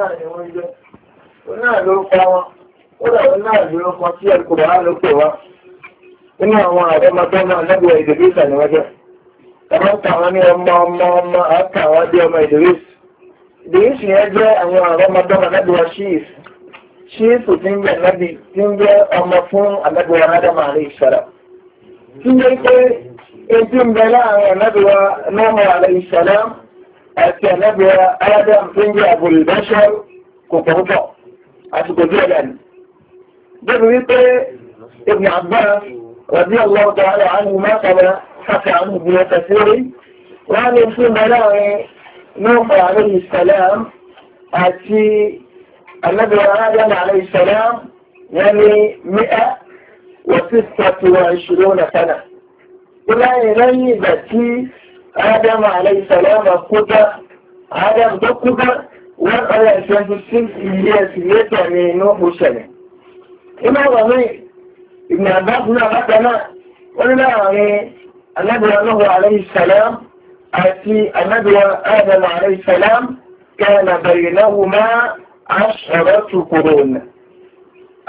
náà ni wọ́n jẹ́ òun náà ló pa wọn ó dàbí náà ló kọ sí ẹ̀kọ́ bá ló pè wá nínú àwọn àdọ́mọdé náà lẹ́gbẹ̀ẹ́ ìdèbísà ni wọ́n jẹ́ ẹ̀rọ ń ta wọn ní ọmọ ọmọ ọmọ àtà wọn bí ọmọ ìdèbísà ìdèbísà yẹn jẹ́ àwọn àdọ́mọdé náà lẹ́gbẹ̀ẹ́ ṣíìs ṣíìsù ti ń bẹ̀ lẹ́bi ti ń jẹ́ ọmọ fún àlẹ́gbẹ̀ẹ́ adámọ̀ àrí ìṣẹ̀lẹ̀ tí ó jẹ́ pé etí ń bẹ láàrin àlẹ́gbẹ̀ẹ́ náà àrí ìṣẹ̀lẹ̀ التنبي آدم فينجي أبو البشر كفرطة أسكو جيلا جبريت ابن عباس رضي الله تعالى عنه ما قال حكى عنه ابن كثير وعن يمشي بلاغي نوح عليه السلام أتي النبي آدم عليه السلام يعني مئة وستة وعشرون سنة ولا يغيب آدم عليه السلام كده آدم ده كده وقال أساس السلس اللي هي سلسة من نوح والسلام إما رمي ابن عباسنا مثلا قلنا يعني النبي نوح عليه السلام أتي النبي آدم عليه السلام كان بينهما عشرة قرون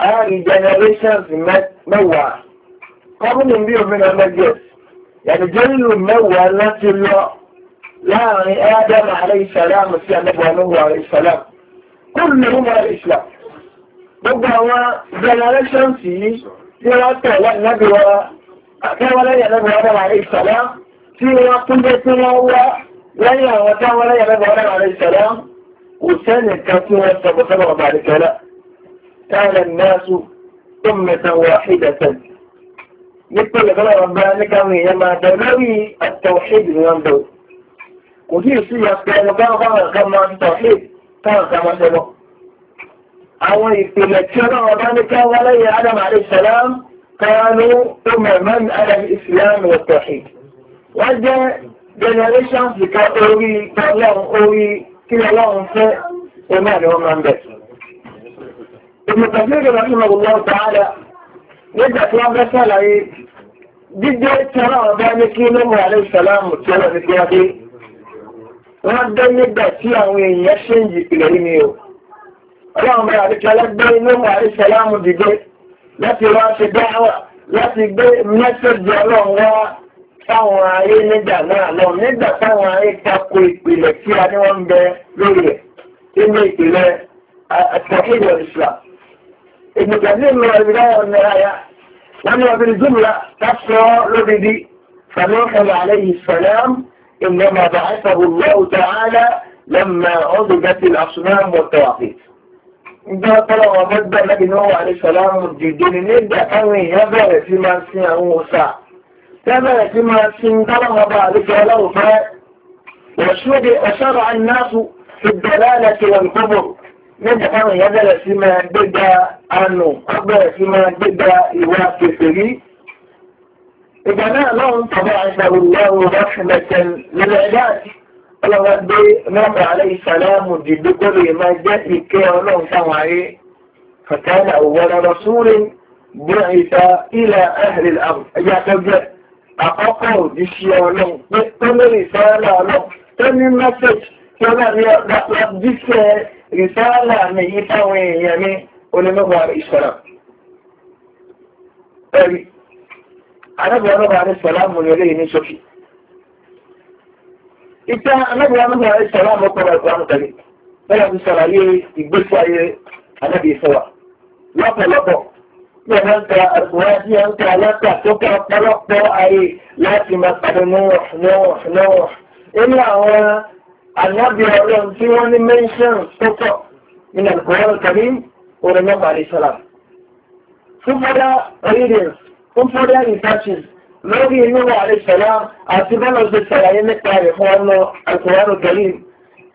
آل جنريشنز موعة قبل نبيه من المجلس يعني جل النوى التي الله يعني آدم عليه السلام وفي النبوى عليه السلام كلهم على الإسلام بقوا زلال الشمسي سيراته والنبوى أتولى يا نبوى عليه السلام سيراته بيتنوى ويا وتولى يا نبوى عليه السلام وسنة كثيرة سبقنا بعد كلا كان الناس أمة واحدة nípele bọ́lá wọn bá ní káwọn èèyàn máa bẹ lórí àtọ̀ṣẹ́d ni wọ́n bẹ̀rù kò sí ìsú ìyàpẹ́ ẹnu bá wọn kan máa ń tọ̀ṣẹ́d táwọn kan máa tẹ̀lọ́ àwọn ìpìlẹ̀ tí ọlọ́run bá ní káwọn aláyẹ adam alẹ́sàlám kánú ọmọọmọdé adam islam wọ tọ̀ṣẹ́d wọ́n jẹ́ generation fìkà orí tọ́lọ́run orí kí ọlọ́run fẹ́ ọmọ àdéhùn máa ń bẹ̀. ìmùtàfẹ́ ìrọ̀lẹ́ nígbà tí wọ́n fẹ́ sàlàyé jíjẹ́ tẹ́rọ ọ̀dá ní kí lọ́mọ alẹ́ ìsàlámù tí ọ̀rọ̀ nígbà wáyé wọ́n dé nígbà tí àwọn èèyàn ṣe ń jìpìlẹ̀ yìí ni o ọlọ́run bá àti kẹlẹ́ gbé lọ́mọ alẹ́ ìsàlámù dìde láti wá ṣe dáhà láti gbé mẹ́sẹ̀jì ọlọ́run wá ayé nígbà náà lọ nígbà táwọn ayé tako ìpìlẹ̀ tí a ní wọ́n ń bẹ lórí ẹ̀ nínú ìpìlẹ̀ àtàkìlẹ̀ ìsìlámù ابن كثير من البداية والنهاية لما بالجملة تفسر لبدي فنوح عليه السلام إنما بعثه الله تعالى لما عبدت الأصنام والتواقيت ده طلع مبدا لكن هو عليه السلام جدين نبدا كان يبقى في ما سين موسى يبقى في ما سين طلع بعد فلو فات وشرع الناس في الدلالة والكبر nígbà táwọn èèyàn bẹ̀rẹ̀ sí máa gbégbá àánú ó bẹ̀rẹ̀ sí máa gbégbá ìwà kèfèrí ìgbà náà lọ́run tọ́bọ̀ àṣàrò lọ́run rọ́ṣùmẹ̀tẹ̀n nílẹ̀ dáàtì ọlọ́wọ́ gbé mẹ́fà alẹ́ ìsàlámù dìde kóló yìí máa jẹ́ ìkẹ́ ọlọ́run táwọn ayé fàtàlà òwúrọ̀ rọ̀ṣúrì bùrọ̀ ìta ilẹ̀ ahìlì ẹ̀yà àkọ́kọ́ òjíṣẹ́ ọlọ́run pé tó lórí ọlọ́run tó rìsáàlà mi yí táwọn èèyàn ní onímọ̀gbà ìṣọ̀rọ̀. Ẹ̀rí, anábìyàn mọ̀gbà ní sọ̀lámù ní olóyìn ní ṣókì. Ìta anábìyàn mọ̀gbà ní sọ̀lámù kọ̀ọ̀rọ̀ ìgbàmù tẹ̀lé. Bẹ́ẹ̀ ti ṣàlàyé ìgbésí ayé anábìyàn sọ̀wà. Lọ́pọ̀lọpọ̀, bí ẹ̀rọ النبي صلى الله عليه وسلم من من القرآن الكريم ورنم عليه السلام ثم لا أريد ثم بدا ريساتشز لوغي ينوى عليه السلام أعتبال عز السلام ينكتا القرآن الكريم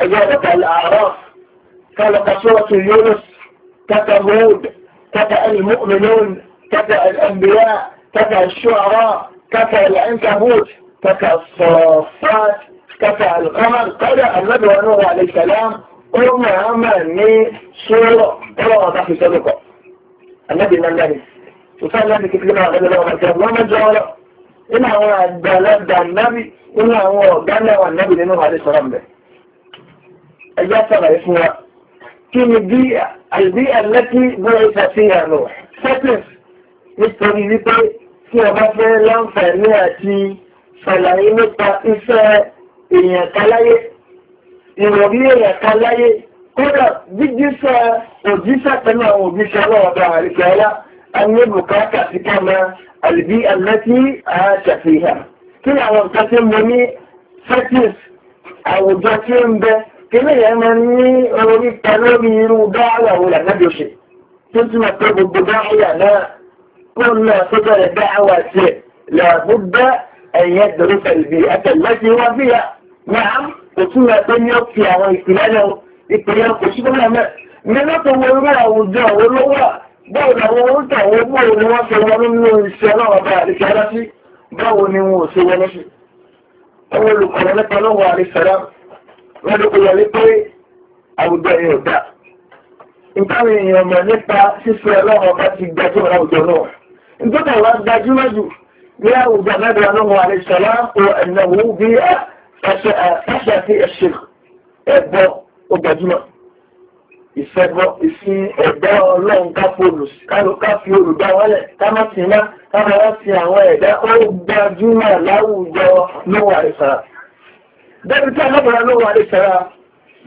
إجابة الأعراف قال قصورة يونس تتا هود تتا المؤمنون تتا الأنبياء تتا الشعراء تتا العنكبوت تتا الصفات كفى القمر قال النبي ونوح عليه السلام قم عملني سورة قرأ في صدقه النبي من الله وصال النبي كيف لما غير الله ومن الله من جوالا إن هو الدلال ده النبي إن هو جنة والنبي لنوح عليه السلام ده أجاب سبع اسمها كم البيئة البيئة التي بعث فيها نوح سكس nítorí wípé tí ọba fẹ́ láǹfààní àti ṣàlàyé èèyàn kan láyé ìrọ̀rí èèyàn kan láyé kódà jíjíṣẹ́ òjíṣẹ́ pẹ̀lú àwọn òjíṣẹ́ ọlọ́ọ̀dà àríkẹ́ ọlá ayé bùkátà sí kàmá àlùbí àmẹ́tí àṣàfihàn kí ni àwọn nǹkan tí mo ní fetish àwùjọ tí ó ń bẹ kí ni èèyàn máa ní orí ta lórí irú dáhàwà wo lànàbí òṣè tó túmọ̀ pé gbogbo dáhàwà náà kó náà tó bẹ̀rẹ̀ dáhàwà tiẹ̀ làbúgbà ẹ̀yẹ dòrúfẹ̀ ìbí àtẹ̀lẹ́sìn wá fìyà. náà kò tún wọ pé ní ó fi àwọn ìpìlẹ̀ ìpìlẹ̀ kò sí gómìnà mẹ́ ní lọ́tọ̀ wo irú àwùjọ àwọn olówó báwo làwọn orúkọ àwọn báwo ni wọ́n ṣe wọnú nínú iṣẹ́ náà bá àríṣẹ́ lọ́sí báwo ni wọn ò ṣe wọnú sí àwọn olùkọ́ nípa lọ́wọ́ àríṣẹ́ rá wọ́n ló kọjá wípé àwùjọ yẹn ò dá ìtàwọn èèyàn mọ̀ nípa ṣíṣe ọlọ́run ọba ti gbajúmọ̀ láwùjọ náà nítorí àwọn gbajúmọ̀ jù ní àwùjọ mẹ́ta lọ́wọ́ àríṣẹ́ rá ẹ̀ṣẹ̀ àti eh, ẹ̀ṣẹ̀ ẹ̀bọ ó gbajúmọ̀ ìfẹ́bọ ìsìn ẹ̀dá ọlọ́run ká fi olùgbà wọlẹ̀ ká má sì má ká má wá sí àwọn ẹ̀dá ó gbajúmọ̀ láwùjọ lówó àìsàrà. Débi tí alábàárà lówó àìsàrà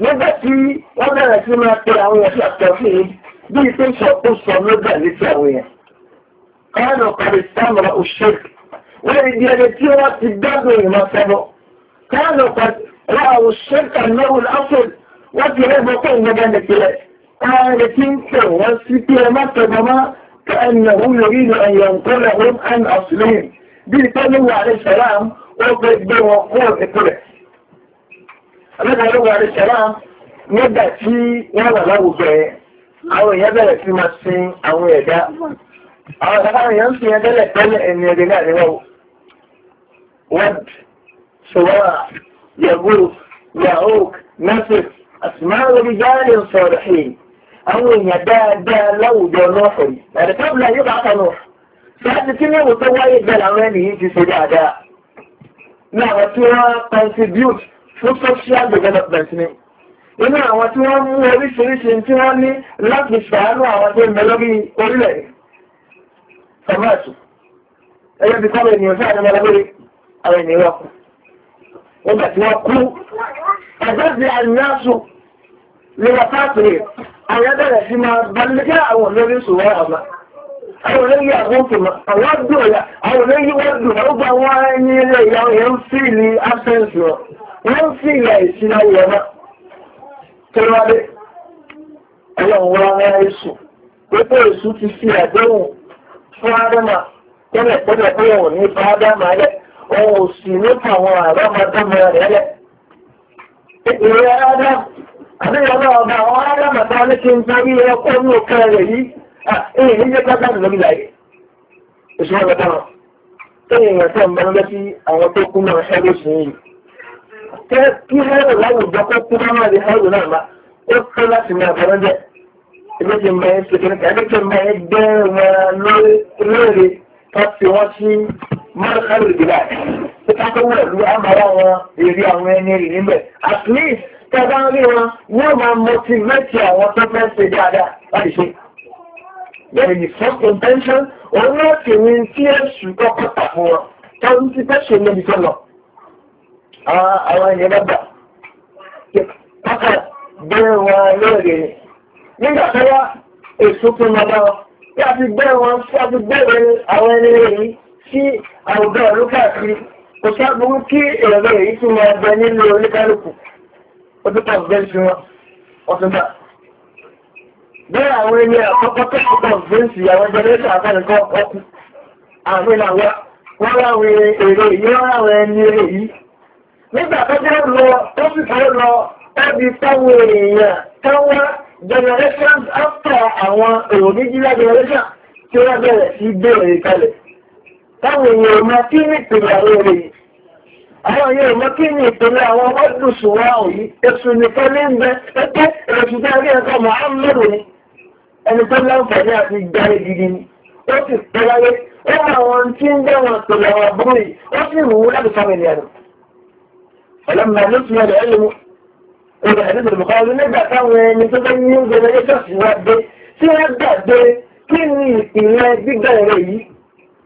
nígbà tí wọ́n bẹ̀rẹ̀ sí máa pe àwọn ẹ̀ṣẹ̀ àtọ̀fin bí ìpè ìṣọ̀kóso ló gbà létí àwọn èèyàn. Káyọ̀ kọ̀rì sáàmùrà òṣèlú. Wọ́n lè di ẹni tí wọ́n ti dágbò ìmọ̀ sẹ́bọ̀. كانوا قد رأوا الشرك أنه الأصل وفي هذا كان مجال الثلاث قال تنكر والسكر مكتبما كأنه يريد أن ينقلهم عن أصلهم بيتنوا عليه السلام وقد بوقوع الكلة رجع عليه السلام nígbà tí wọ́n wà láwùjọ àwọn èèyàn bẹ̀rẹ̀ sí máa sin àwọn ẹ̀dá àwọn àwọn èèyàn ń sin ẹ̀dẹ́lẹ̀ ẹni ẹ̀dẹ́ سواع يغوث يعوق نصر أسماء رجال صالحين أو يدا دا لو دا نوح يعني قبل أن يبعث نوح فهذا كنا متوايد بالعواني في سجاع دا نعم وتوا contribute fún social development ni inú àwọn tí wọ́n mú oríṣiríṣi tí wọ́n ní láti ṣàánú àwọn tó ń bẹ lórí orílẹ̀ sàmáàtù ẹgbẹ́ bí kọ́lọ̀ ènìyàn sí àwọn ọmọ ẹgbẹ́ àwọn ènìyàn ọkùnrin nígbà tí wọ́n kú àjọ́sí àyíyáṣù lọ́wọ́ fáàtìrì àwọn bẹ̀rẹ̀ sí máa balẹ̀kẹ́ àwọn ya sùwọ́ àmà àwọn olóyìn àgbókùnmọ̀ àwọn àdúrà àwọn olóyìn wọ́n ya pépé èṣù ti fi àdéhùn fún ádámà tẹ́lẹ̀ tẹ́lẹ̀ tẹ́lẹ̀ wọ̀n ní fún rẹ̀ òun ò sì lókè àwọn àbámadọ́mọ rẹ̀ lẹ̀. ya Adam, àbíyànjú ọba àwọn Ádámàtà ní kí n darí ọkọ̀ ní òkè rẹ̀ yìí, èyí ní jẹ́ pátá lórí láyé. Òṣìṣẹ́ ọ̀gá wọn, tẹ́yìn na àti ọ̀mọ́ ya tó ti wọ́n sí mọ́tòkárò ìdílé àti tó kákó wọ̀ lú àmàrà wọn èrè àwọn ẹni rìn níbẹ̀ at least tẹ́gbà ń rí wọn wọ́n máa motivate àwọn tó first intention òun náà sì ní tí èṣù kọ́kọ́ tà fún wọn táwọn ti fẹ́ ṣe lóbi tó lọ. àwọn ènìyàn bá gbà kọ́kọ́ bẹ́ẹ̀ wọn lóore nígbà tó yá èso tó lọ wọn bí a ti gbẹ́ wọn àwọn ẹni rẹ̀ yìí sí àwùjọ ìlú káàkiri kò sí àbúrú kí ìrọ̀lẹ́ èyí tí wọ́n bẹ nínú oníkálùkù ọdún tó bẹ́ẹ̀ sí wọn ọdún bá. bẹ́ẹ̀ àwọn ẹni àkọ́kọ́ tó kọ́ bọ̀ fẹ́ǹsì àwọn jẹnẹrétà àkànìkọ́ ọkù àwọn ìlà wa wọ́n láwọn èrè yìí wọ́n láwọn ẹni èrè yìí. nígbà tó jẹ́ lọ tó sì fẹ́ lọ tàbí táwọn èèyàn táwọn generations after àwọn èrò méjìlá generation tí wọ́n bẹ̀rẹ̀ sí bẹ̀rẹ̀ kalẹ̀ táwọn èèyàn mọ́ kí ní ìpìlẹ̀ àwọn èrè yìí àwọn èèyàn mọ́ kí ní ìpìlẹ̀ àwọn ọdúnṣù wa òyí èṣù nìkan ní ń bẹ pẹ́pẹ́ èṣù tí a rí ẹ̀kọ́ Muhammadu ni ẹni tó láǹfààní àti gbáre gidi ni ó sì pẹ́ láyé ó mọ àwọn tí ń bẹ́ wọn pẹ̀lẹ̀ àwọn àbúrò yìí ó sì wù ú láti fáwọn ènìyàn ọlọ́mọ ló fi ọ̀dọ̀ ẹlẹ́mu ọ̀dọ̀ ẹ̀dẹ́gbẹ̀rẹ̀ mọ̀kànlá nígbà táwọn ẹni tó bẹ́ ní ń gbẹ̀rẹ̀ ẹjọ́ sí wá dé tí wọ́n gbàgbé kí ni ìpìlẹ̀ gbígbà ẹ̀rọ yìí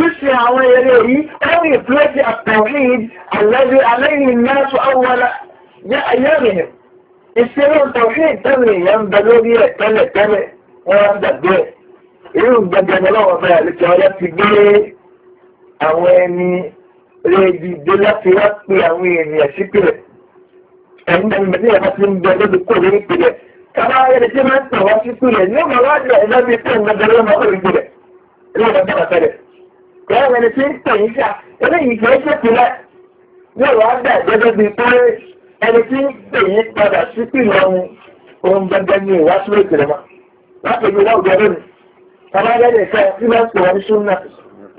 ṣíṣe àwọn eré yìí ẹ̀rì ìfúlẹ́tì àtàwíd àlẹ́bí aláìní náà tó àwọn ayẹ́rìn ìṣeré tàwíd tẹ́lẹ̀ ìyá ń bẹ lórí ẹ̀ tẹ́lẹ̀ tẹ́lẹ̀ wọ́n ń dàgbé irú gbẹgbẹgbẹ lọ́wọ́ fẹ́ àlejò ọyẹ́ ti gbé àwọn ẹni rédi dé láti wá pé àwọn ènìyàn sípìlẹ̀ ẹ̀yìn ẹni bẹ̀rẹ̀ ẹ̀ka máa ń tàn wá sípìlẹ̀ ní ọmọ wájú ẹ̀ lábẹ́ ń gbẹgbẹ lọ́wọ́ ìpìlẹ̀ ẹ̀rọ ẹni tí ń pè yín jà eléyìí kìí ṣe pìlẹ̀ yóò wá dà gẹ́gẹ́ bí pé ẹni tí ń pè yín padà sí pìlẹ̀ ọ̀hún ohun gbẹgbẹ ní ìwá sílẹ̀ ìpìlẹ̀ mọ́ láti ibi náà gbẹ lónìí bàbá rẹ̀ lè fẹ́ sí máa ń pè wọ́n ní súnmọ́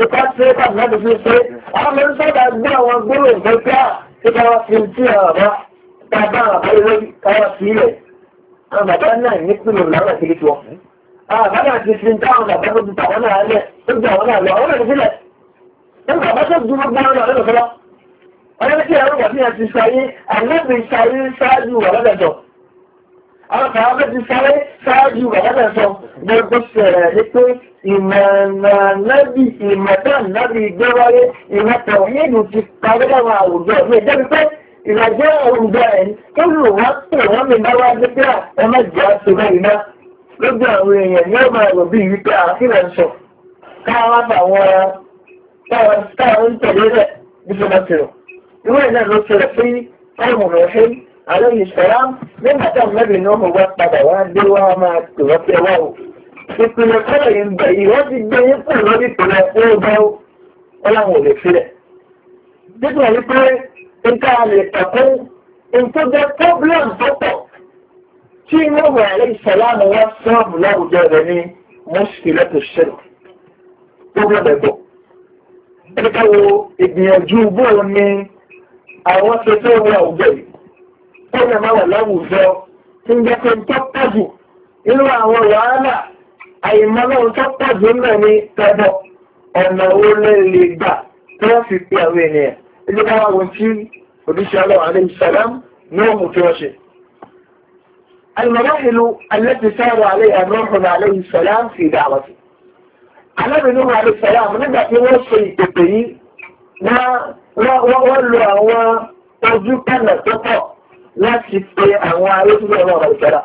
ipa tí ó kàdé láti fi ṣe àwọn ọmọ sábà gbé àwọn gbóró ìfẹ́ pé à ah, kíkà wá fi tí àbá tàbá àbá ilé káwá sí ilẹ̀ àwọn bàbá náà ní pìlọ̀ làwọn àti Ah, àbádà ti fi tó gbé àwọn náà àwọn náà sílẹ̀ nígbà bá tó dúró lójú àwọn èèyàn ní ọmọ ẹ̀rọ bíi wípé àkílẹ̀ ń sọ káwá bàwọn táwọn ń tẹ̀lé rẹ̀ bí sọ́mọ́ ti rọ̀. náà ló ṣẹlẹ̀ sí táìmù rẹ̀ ṣe àlẹ́yìn ìṣẹ̀lá nígbà tá mẹ́rin ní ọmọ wa padà wá dé wá máa tò wọ́n fẹ́ wá o. Ìpìlẹ̀ kọ́lọ̀ yìí ń bẹ̀ yìí wọ́n ti gbé yín pè lórí ìpìlẹ̀ ó bá ó wọ́n láwọn ò lè filẹ̀. Dípò wípé nǹkan a lè nǹkan jẹ́ problem tó pọ̀ tí Nuhu alayhi salam wọ́n sọ́ọ̀bù láwùjọ rẹ̀ ní mọ́ṣíkìlẹ́tò ṣẹlẹ̀ tó gbọ́dọ̀ bọ̀. ẹni ká wo ìgbìyànjú bóun ni àwọn ṣe tó wọ àwùjọ yìí tó yẹ máa wà láwùjọ tí ń jẹ́ pé tó pọ̀jù nínú àwọn wàhálà àyèmọ́lọ́run tó pọ̀jù náà ní tọ́bọ̀ ọ̀nà owó lè gbà tí wọ́n fi pe àwọn ènìyàn ẹni wọn tí òdíṣẹ́ ọlọ́run alayhi salam Nuhu tí wọ́n ṣe. المراحل التي سار عليها نوح عليه السلام في دعوته النبي نوح عليه السلام nígbà tí wọ́n ṣe ما ما wọ́n lo àwọn ojú kànnà tó pọ̀ láti pe àwọn arékùnrin ọ̀rọ̀ ọ̀rọ̀ ìṣẹ̀dá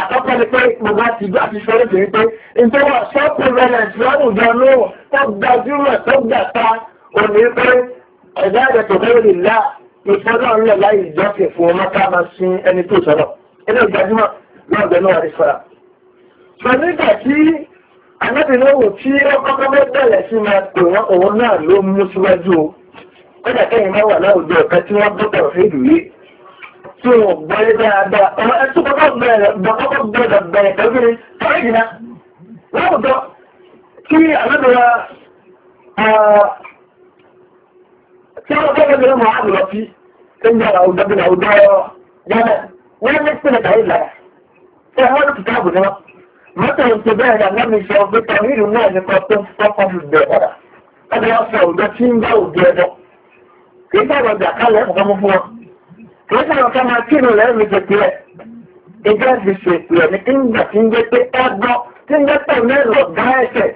àkọ́kọ́ ni pé bàbá ti gbà ti sọ lóde wípé nítorí ṣọ́ọ̀pù rẹ̀lẹ̀ǹtì lọ́rùjọ lóò tó gbajúmọ̀ tó gbà ta òní pé ẹ̀dá ẹ̀dẹ̀ tó fẹ́rẹ̀ lè lá ìfọ́nà ńlẹ̀ láì jọ́sìn fún ọmọ ká máa sin ẹni tó sọ̀rọ̀ ilé ìgbàjúmọ̀ náà bẹ̀rẹ̀ náà rí sọ́ra. ṣùgbọ́n nígbà tí anábìnrin wò tí ó kọ́kọ́ bẹ́ bẹ̀rẹ̀ sí máa pè wọ́n òun náà ló mú síwájú o kódà kẹ́yìn máa wà láwùjọ ọ̀kan tí wọ́n gbọ́dọ̀ fèdù yìí tí wọ́n gbọ́lé dáadáa ọmọ ẹtú kọ́kọ́ bẹ̀rẹ̀ kọ́kọ́ gbọ́dọ̀ bẹ̀rẹ̀ pẹ̀lú fáìdìnà láwùjọ tí anábìnrin tí wọ́n gbọ́dọ̀ bẹ̀rẹ̀ mọ́ àgùrọ̀ sí ẹ̀yìn àwùjọ bí àwùjọ yánà wani suna tare da sai wani fita guda makarantar bayan da nan mai sọ pé tàbílù náà ní pọ́pọ́ pọ́pọ́ fi bẹ̀ padà ọdún wọn sọ ọ̀dọ́ tí ń bá òbí ẹjọ́ kì í sábà gbà kálẹ̀ ẹ̀kọ́ mú fún wọn kì í sábà ká máa kírun lẹ́yìn mi tètè rẹ̀ ìjọ ti ṣètò ẹ̀ ní ìgbà tí ń gbé pé ẹgbọ́ tí ń gbé pé mẹ́rin ọ̀gá ẹ̀ṣẹ̀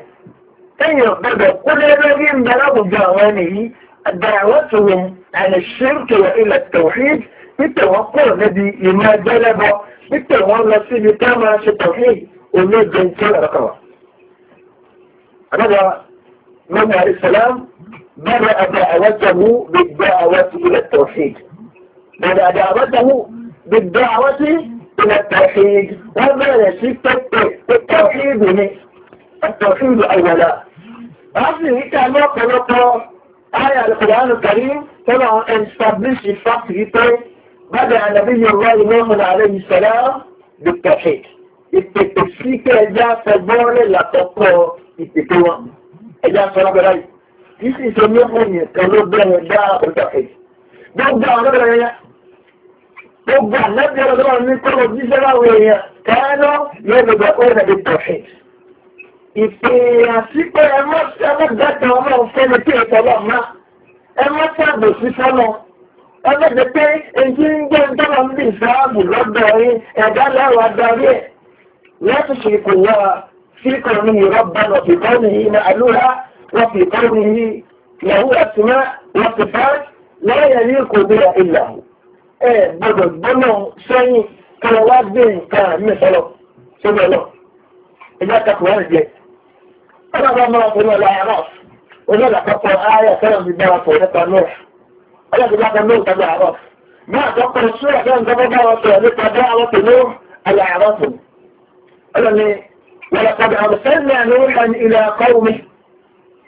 ẹ̀yìn ọ̀gbẹ̀bẹ̀ kó lé lórí ń bẹ àwọn ẹni yìí ilẹ̀ pípẹ̀ wọ́n kúrò níbi ìmọ̀ ẹgbẹ́ lẹ́bọ pípẹ̀ wọ́n lọ sí ibi tá máa ṣe pọ̀ fún olóògbé tí ó lọ́kàn wá. Àbábà Mọ́mí Àrísàlám bẹ̀rẹ̀ àbẹ̀ àwọ̀tẹ̀mú gbígbẹ́ àwọ̀tí ilẹ̀ tọ̀fíìd. Bẹ̀rẹ̀ àbẹ̀ àwọ̀tẹ̀mú gbígbẹ́ àwọ̀tí ilẹ̀ tọ̀fíìd. Wọ́n bẹ̀rẹ̀ sí pẹ́pẹ́ tọ̀fíìdù ni tọ̀fíìdù àwọ̀lá. Wọ́n sì بدأ نبي الله نوح de ẹgbẹ́jẹ pé èyí ń jẹ́ ìjọba ń bí ìsáàbù lọ́dọ̀ rí ẹ̀dá lẹ́wàá darí ẹ̀ láti ṣe kò síkọ̀ ní ìrọ́bà lọ́fìkọ́ ní ilẹ̀ àlúrà lọ́fìkọ́ ní ìyàwó lọ́fìkọ́ ní kò ẹ̀ gbọ́dọ̀ gbọ́nà sẹ́yìn wá gbé nǹkan mẹ́sọ̀rọ̀ أيضا النوم تدعوات ما أتوقع السورة كان تدعوات لتدعوات نوح الأعراف قال لي ولقد أرسلنا نوحا إلى قومه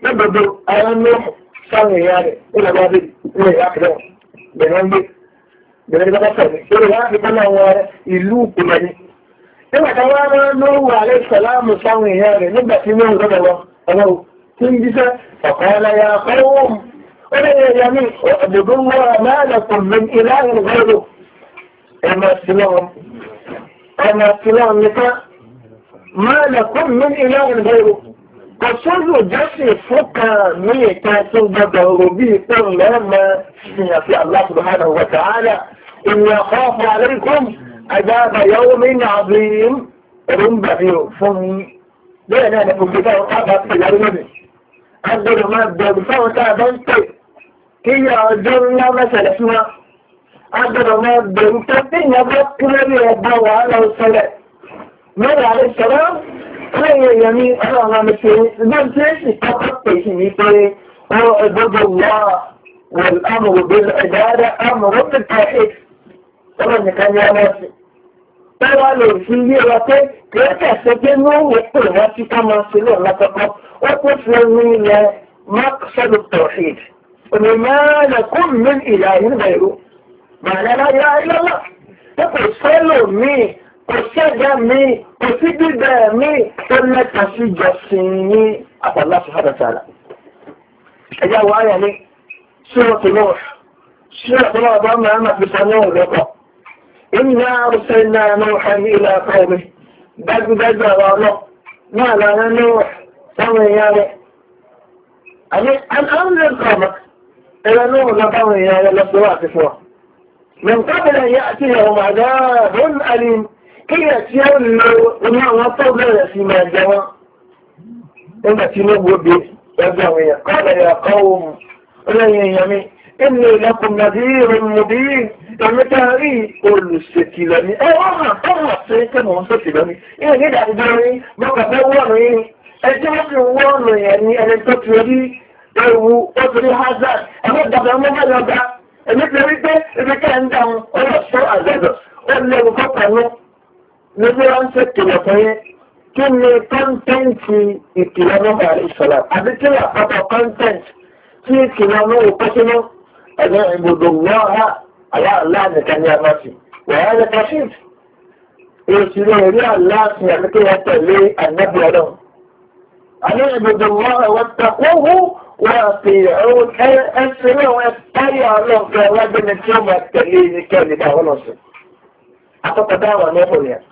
نبدو أيام نوح سامي يعني إلى بابي إلى أكدر بنومي bẹ̀rẹ̀ bá sọ̀rọ̀ lórí láti bá láwọn ìlú ìpìlẹ̀ ni. nígbà tí wọ́n máa ń lówó alẹ́ sàlámù sáwọn èèyàn rẹ̀ nígbà tí wọ́n ń gbọ́dọ̀ lọ ọlọ́run tí ń bíṣẹ́ ọ̀kan ọlọ́yà fẹ́wọ́n ايه يا يمين اعبدوا ما لكم من اله غيره اما سلام اما سلام نتا ما لكم من اله غيره كسولو جاسي فكا مي تاسو بدهو بي تم لما في الله سبحانه وتعالى ان يخاف عليكم عذاب يوم عظيم رم بغيو فمي لا لا لا كنت تاو قابا في الارمان أنا ما بدي أقول فوق kíyà ọjọ́ ńlá mẹ́sẹ̀lẹ̀ fún wa agbọ́dọ̀ máa bẹ̀rù pé téèyàn bá kú lórí ọba wàhálà ọ̀sẹ̀lẹ̀ mẹ́rin àlẹ́ sọ̀rọ̀ lẹ́yìn èèyàn ní ọlọ́run àmì ṣe ṣùgbọ́n tí ó sì kọ́kọ́ pè sí ní pé ó ẹgbẹ́gbẹ́ wà wọ̀l amòrò bí ẹ̀dáadá amòrò bí káyé ọlọ́run nìkan ní ọmọ sí pé wá lè fi yé wa pé kìí kẹsẹ̀ pé ní òun pè wá sí ká máa ṣe lọ́ọ̀ lápapọ̀ ó kó fi ẹnu ilẹ̀ mark sọ́dọ̀ tọ̀hìdì وما لكم من إله غيره ما لا إله إلا الله تقول صلوا مي قصد مي قصد دامي فلا تسجد سيني أبا الله سبحانه وتعالى أجا وآية لي سورة نوح سورة الله أبا ما بسنوه لك إنا أرسلنا نوحا إلى قومه بد بد الله ما لنا نوح سمي يالي يعني. أنا أنظر قومك إلى نور لطوي يا لطوات فوا من قبل أن يأتيهم عذاب أليم كي يتيون وما وصل لا فيما جوا إن تنبو به يزوي قال يا قوم لن يمي إني لكم نذير مبين المتاري قل السكيلاني أوه أوه السكيلاني أوه السكيلاني إيه جدا عداني بقى فواني أجل فواني يعني أنا تطوري ewu obìnrin hazard ẹ̀wọ́n dàbí ọmọ bá lọ bá èmi ti rí pé ibi ká ń dáhùn ó lọ sọ àgbẹ̀dọ̀ ó léwu kọ́kọ́ ní níbi wọn ṣe kìlọ̀ fún yín kí ni kọ́ńtẹ́ǹtì ìkìlọ̀ náà ìṣọ̀lá àbí kí ni àpapọ̀ kọ́ńtẹ́ǹtì tí ìkìlọ̀ náà ò kọ́ sínú ẹ̀dọ̀ ìbùdó náà aláàlá nìkan ní abáṣì wàá rẹ̀ kọ́ṣíìt èsì rẹ̀ rí aláàfin àbíkẹ́ wọn tẹ̀lé àgbẹ̀bẹ̀ ọlọ́run àlẹ́ ìbùdó náà ẹ̀wọ̀n takọ́wọ́ وأطيعون أسرع وأتبع الله في ربنا اليوم التليني كان ده ونصر أعطى دعوة نقول يعني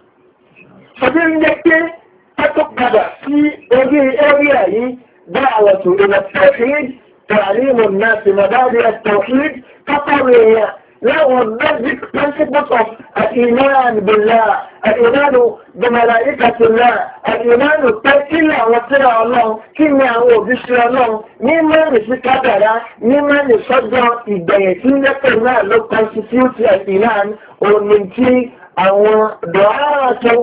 فبين ذلك أتقبل في هذه أريائي دعوة إلى التوحيد تعليم الناس مبادئ التوحيد كطريقة له basic principles of الإيمان بالله الإيمان بملائكة الله الإيمان تكيل وطلع الله كما هو بشر الله مما نسكتنا مما نصدر الديتين لكنا لو constitute الإيمان ومن تي àwọn dọ̀háràtọ̀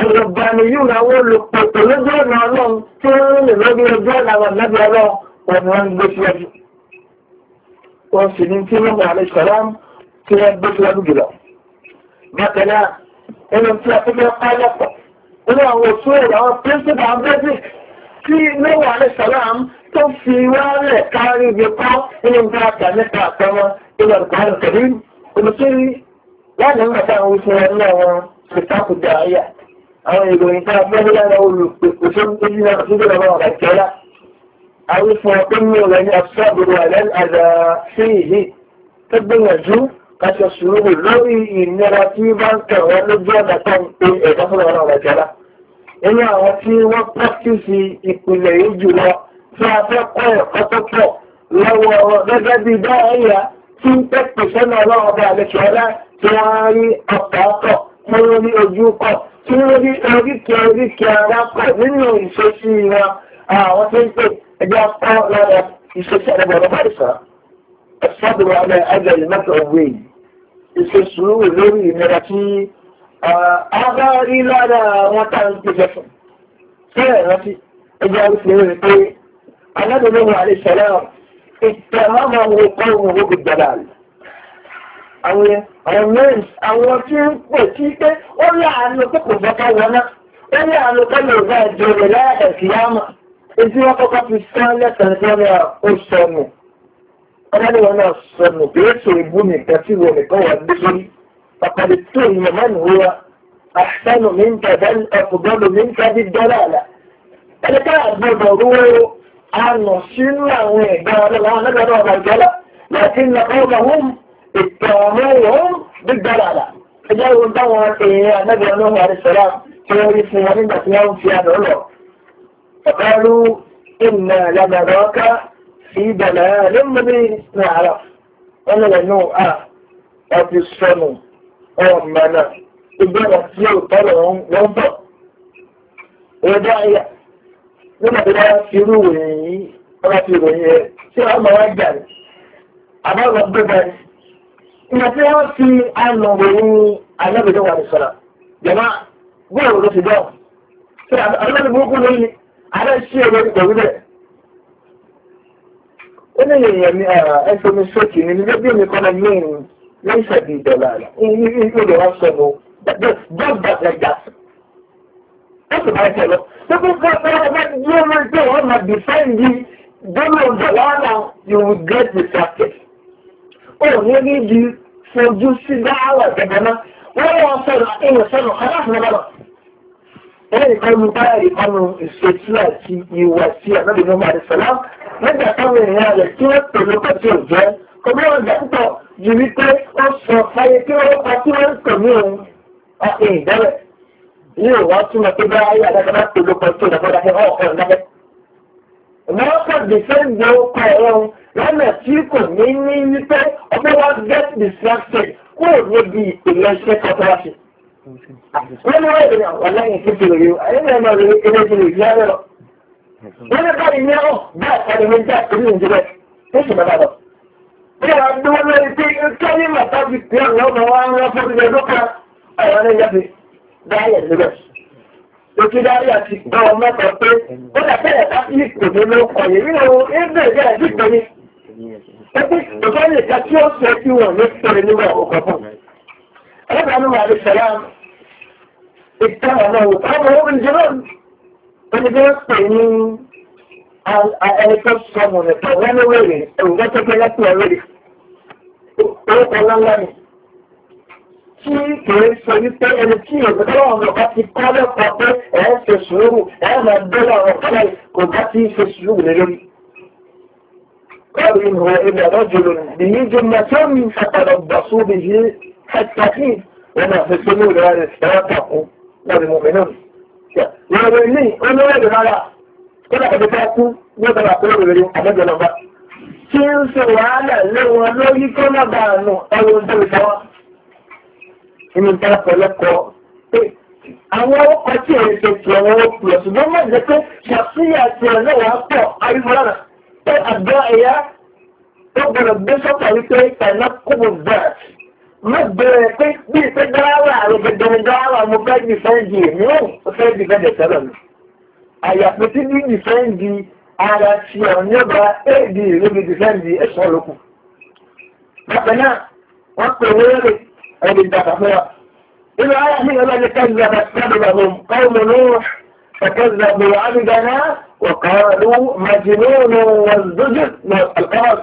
àgbàmìyàn àwọn olùpẹ̀tẹ̀ lójú ọ̀nà ọlọ́run tí wọ́n rìn lọ́dún ọjọ́ ìlànà lábẹ́ ọlọ́run ọ̀nà ń gbé síwájú wọ́n sì ní tí wọ́n àlẹ́ ìṣàlám tí wọ́n gbé síwájú jùlọ. Bákan náà, ẹnu tí a tó fẹ́ pálọ̀pọ̀, nínú àwọn òṣù èrò àwọn píríncípà bẹ́sì tí lọ́wọ́ àlẹ́ ìṣàlám tó fi wá rẹ̀ kárí ibi kọ́ nínú nǹkan àgbà nípa àtọmọ nínú àlùkòrán kẹ̀lí. Olùsírí láti ń bàtà àwọn oṣù wọn náà wọn ti Àwọn ìròyìn tá a gbọ́ àwífún ọpẹ́mí rẹ̀ ní àṣàbùrù àlẹ́ àdá sí ìhì tó gbìyànjú kàṣọ sùúrù lórí ìnira tí bá ń tẹ̀ wọ́n lójú ọ̀nà tó ń pe ẹ̀dá fún ọ̀nà ọ̀nà jẹ́lá. Inú àwọn tí wọ́n pàkíyèsí ìpìlẹ̀ yìí jùlọ tí a fẹ́ kọ́ ẹ̀kọ́ tó pọ̀ lọ́wọ́ gẹ́gẹ́ bí dáhìyà tí ń tẹ̀pẹ̀ sọ́nà ọlọ́wọ́ bá àlejò ọlá wọ́n ẹjẹ́ apá lára ìṣesí àdàbọ̀ ọ̀rọ̀ báyìí sábẹ̀wò alẹ́ ẹgbẹ́ ìmẹ́ta ọ̀gbẹ́ yìí ìṣe sùúrù lórí ìnira tí a bá rí lára àwọn tá ń pèsè fún sí ẹ̀rántí ẹjẹ́ arúfin rẹ̀ pé aládùnúwò àlẹ́sẹ̀lẹ̀ ìtẹ̀mọ́mọ́ wo kọ́ ohun owó gbẹ̀dà rẹ̀ àwọn ọ̀mẹ́rin àwọn tí ń pè tí pé ó láàánú pé kò bọ́ká wọná ó láàánú pé lè bá ẹ̀jẹ̀ rẹ̀ láàdẹ̀ kìí Èsì wọ́n kọ́kọ́ fi sán lẹ́sàn sọ́lẹ̀ ó sọnù. Ọlọ́dẹ̀wọ̀n náà sọnù kéèso ìbú nìkan tí wọ́n nìkan wà ní sórí. Pàpàdé tó ìyẹn máa nù wá. Àṣánù mi ń tẹ̀dá ẹ̀kùgbọ́dù mi ń kájí dọ́là àlà. Ẹni ká àgbọ̀dọ̀ rúwé o, ànà sínú àwọn ẹ̀gbá ọlọ́run àwọn ọlọ́dọ̀ ọ̀gá ìjọba láti nà ọmọ wọn ìtọ̀ọ̀mọ́ wọn dígbàlà àlà. Ẹjẹ́ wo táwọn èèyàn àgbẹ̀dọ̀ ọlọ́run àdìsọ́lá tí wọ́n rí fún wọn nígbà tí wọ́n ń fi àná lọ. فقالوا إنا لنراك في ضلال مبين نعرف wọ́n lọ́wọ́ náà à wọ́n ti sọnù ọmọ náà ìgbọ́nà tí yóò tọ́lọ̀ wọ́n bọ̀. Ìrọ̀dá ayà nígbà tí wọ́n fi irú ìròyìn yìí wọ́n bá fi ìròyìn rẹ̀ tí wọ́n máa wá gbà ní. Àbáwọ̀ gbégbá ni. Ìgbà tí wọ́n fi ànà ìròyìn alábẹ̀dẹ̀ wà ní sọ̀rọ̀. Jọ̀mọ́ gbọ́dọ̀ ló ti dọ̀. Ṣé àlọ́ ààrẹ sí ẹ̀rọ pẹ̀lú rẹ̀ ó ní èèyàn ní ẹsẹ̀ ah, mi sókè ní nígbà bí mi kọ́ náà mí ní ìṣẹ̀dí ìdọ̀là ní ìlú wa sọ lọ just that like that wọ́n sì máa tẹ̀ lọ pípín fún ọ̀pẹ́ ọ̀pẹ́ bí ó máa tẹ̀ wọ́n máa defend the dollar of the dollar you will get distracted ó ní ní di fojú sí dáhàwà tẹ̀gbẹ́ náà wọ́n wọ́n sọ̀rọ̀ ẹ̀yìn ẹlẹ́nìkan ní báyà ìbánu ìṣètú àti ìwà sí ànábì ní ọmọ àdìsọ́lá lẹ́gbàá táwọn èèyàn rẹ̀ tí wọ́n pè lókọ̀ tí ò jẹ́ ọmọdé ọ̀gá púpọ̀ ju wípé ó sọ fáyé tí wọ́n pa tí wọ́n ń tọ̀ ní òun ọ̀sẹ̀ ìbẹ̀rẹ̀ ní ìwà túnmọ̀ pé bá ayé àdájọ́ bá pè lókọ̀ tí ò dàgbọ́ dàgbẹ́ ọ̀kọ̀ ńdájẹ́. wọ́n kọ̀ gbèsè ìgbà ọkọ̀ ẹ̀rọ lọ́nà tí kò ní ní wípé ọmọ wa get distracted kúrò níbi ìpìlẹ̀ iṣẹ́ kọ́tọ́láṣẹ́. wani wai da wallahi kike da yau ai ne ma da kike da yau wani ba da yau ba da mun ta اتبع له وطعمه بالجنان فالجنان تعنين قال اقلت الصمون طغانه ويلي وجاته كلاك ويلي وقلت الله الله شيء كيف سيطة الاتية بطلعهم لقاتي قادة قاتة اه في سيوره اه مدلع وقلي قاتي في سيوره لهم قال هو الا رجل بيجي المسام فتلبصوا به حتى فيه وما في سنو الوالد لا تقوم wọ́n ni mo mẹ́ náà wọ́n rẹ̀ ní ọlọ́rẹ̀ rárá kọ́lá ẹ̀dẹ̀ bá kú wọ́n tọ́lá kó lórí àmọ́jọ náà bá kí ń ṣe wàhálà lé wọn lórí kó má bá nù ọrọ̀ ń bẹ̀rẹ̀ bá wá inú bá pọ̀lọ́pọ̀ pé àwọn ọkọ̀ tí ẹ̀ ṣe ti ọ̀rọ̀ pọ̀ ṣùgbọ́n má jẹ́ pé ṣàfihàn ti ọ̀rọ̀ wà pọ̀ ayélujára pé àgbà ẹ̀yà ó gbọ́dọ̀ gbé sọ́kà wípé kàná kúbù bẹ́ẹ̀ mo bẹ̀rẹ̀ pé bí ìfẹ́ dáwà àwọn gbẹ̀gbẹ̀rẹ̀ dáwà mo fẹ́ di fẹ́ǹdì èmi ò fẹ́ di fẹ́ǹdì sẹ́lẹ̀ mi. àyàfi tí bí di fẹ́ǹdì ara ti ọ̀run yọba éèdì ìlóbi di fẹ́ǹdì ẹ̀sọ́ lókun. bákan náà wọ́n pè wọ́n lè ẹ̀dì ìdàgbà fún wa. inú ara mi yọba ní kẹ́ńdì àbá sábàbà mọ̀ káwọn mọ̀ lọ́wọ́ فكذبوا عبدنا وقالوا مجنون والزجر القرآن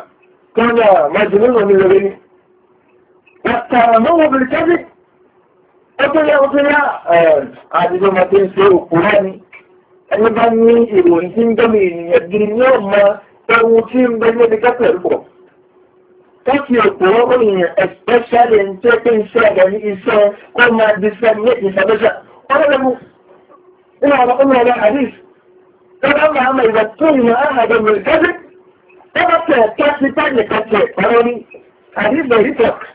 كان مجنون من الذين يقترنوه بالكذب قلت يا وطنيا آه، قاعدة ما تنسي وقراني أنا بني إلوان سنجمين يدين يوم تروتين بني بكتر فوق تكي القرآن أسبشال انتكين سيادة الإنسان كل ما بسان يتني سبشا أنا لم أنا على أمنا لا حديث قال الله أما إذا تكون أحد من الكذب أنا تكتبني كتبني حديث بريتوكس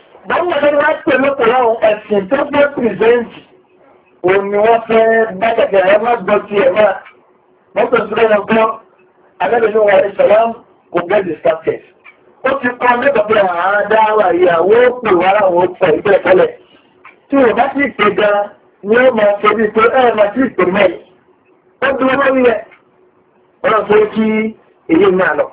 báwọn ọ̀dọ́ wá pè lóko láwọn ẹ̀sìn tó gbé pìrìsẹ́ǹtì òun ni wọ́n fẹ́ gbẹ́gbẹ̀gbẹ̀ ẹ má gbọ́ sí ẹ má wọ́n tó sọ́rọ́ wọn gbọ́ alẹ́bẹ̀ẹ́ ní wọn ìsọ̀lám kò gbé distracted ó ti kọ́ mẹ́gbàgbẹ́ àádáwà ìyàwó pè wá láwọn ọ̀pọ̀ ìgbẹ́ tẹ́lẹ̀ tí wọ́n bá sì pè gan ni ó máa ṣe bí pé ẹ máa sì pè mẹ́yìn ó dúró lórí rẹ̀ ọlọ́run tó kí èyí náà lọ.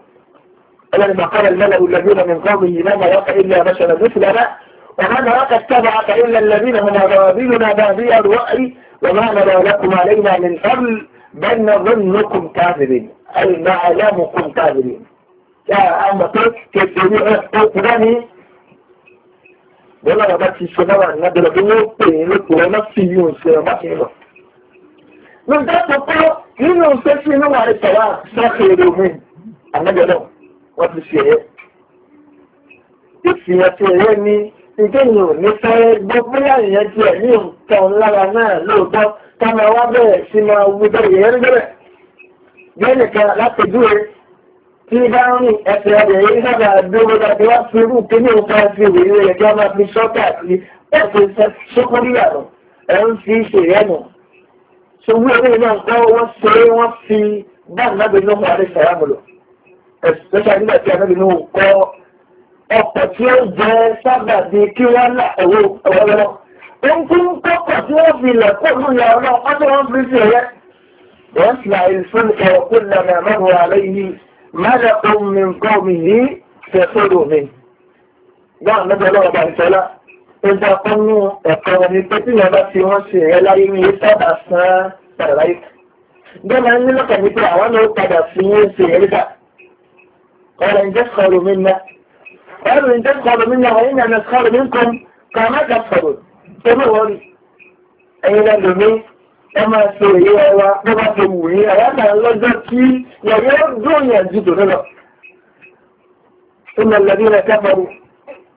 ولما قال الملأ الذين من قومه ما يقع إلا بشر مثلنا وماذا قد اتبعك إلا الذين هم أراضينا بادي الرأي وما نرى لكم علينا من فضل بل نظنكم كاذبين أي ما نعلمكم كاذبين يا أما ترك كثيرين أفضل bọ́lá bá ti ṣe náwà lábẹ́lẹ̀ bí wọ́n pè é lóko wọn má fi yóò ṣe ọmọ fi lọ. Nígbà tó kọ́ wọ́n ti ṣe ẹ̀. Ìfìyàn ti rẹ̀ ni ìgbéyìn ò ní fẹ́ gbogbo ìyẹn ti ẹ̀ ní nǹkan lára náà lóòótọ́ táwọn wá bẹ̀rẹ̀ sí máa wú bẹ́ẹ̀ yẹn bẹ̀rẹ̀. Bẹ́ẹ̀ni kan látọ̀júwe tí bá ń rìn ẹsẹ̀ rẹ̀ yìí sábà dúró dàbí wá fi irú kíní nǹkan fi ìwé rẹ̀ kí wọ́n máa fi sọ́kà sí ẹ̀sẹ̀ sókòríyà nù ẹ̀ ń fi ṣèrẹ́ nù. Ṣùgbọ́n eré náà kọ́ wọ́n ṣe wọ́n fi bá ìnágbé lọ́mọ àdéṣàyàmù lọ ẹ̀sùn nígbà tí anábì ní òkọ́ ọkọ̀ tí ó jẹ́ sábà di kí wọ́n là owó ọ̀rọ̀ ohun tí ń kọ́kọ̀ tí wọ́n fi lẹ̀ kó lóye ọ̀rọ̀ ọjọ́ wọn fi sí ẹ̀yẹ. wọ́n ti là ìfún ẹ̀rọ kó lànà mẹ́rin àlẹ́ yìí mẹ́rin ohun mi nǹkan mi yìí fẹ́fọ́rọ̀ mi. gbọ́n lọ́jọ́ lọ́wọ́ bá ó dá fọ́nú ẹ̀kọ́ ni pé tí yẹn bá wọ́n ṣe ẹ̀ láyé ní sábà sán pàrọ̀ láyé. gbọ́n máa ń ní lọ́kàn قال إن تسخروا منا قالوا إن تسخروا منا وإنا نسخر منكم كما تسخرون تقول أين lòmí ẹ máa ṣe èyí ẹwà tó bá ṣe wù ní àyàtà lọ́jọ́ إن الذين كفروا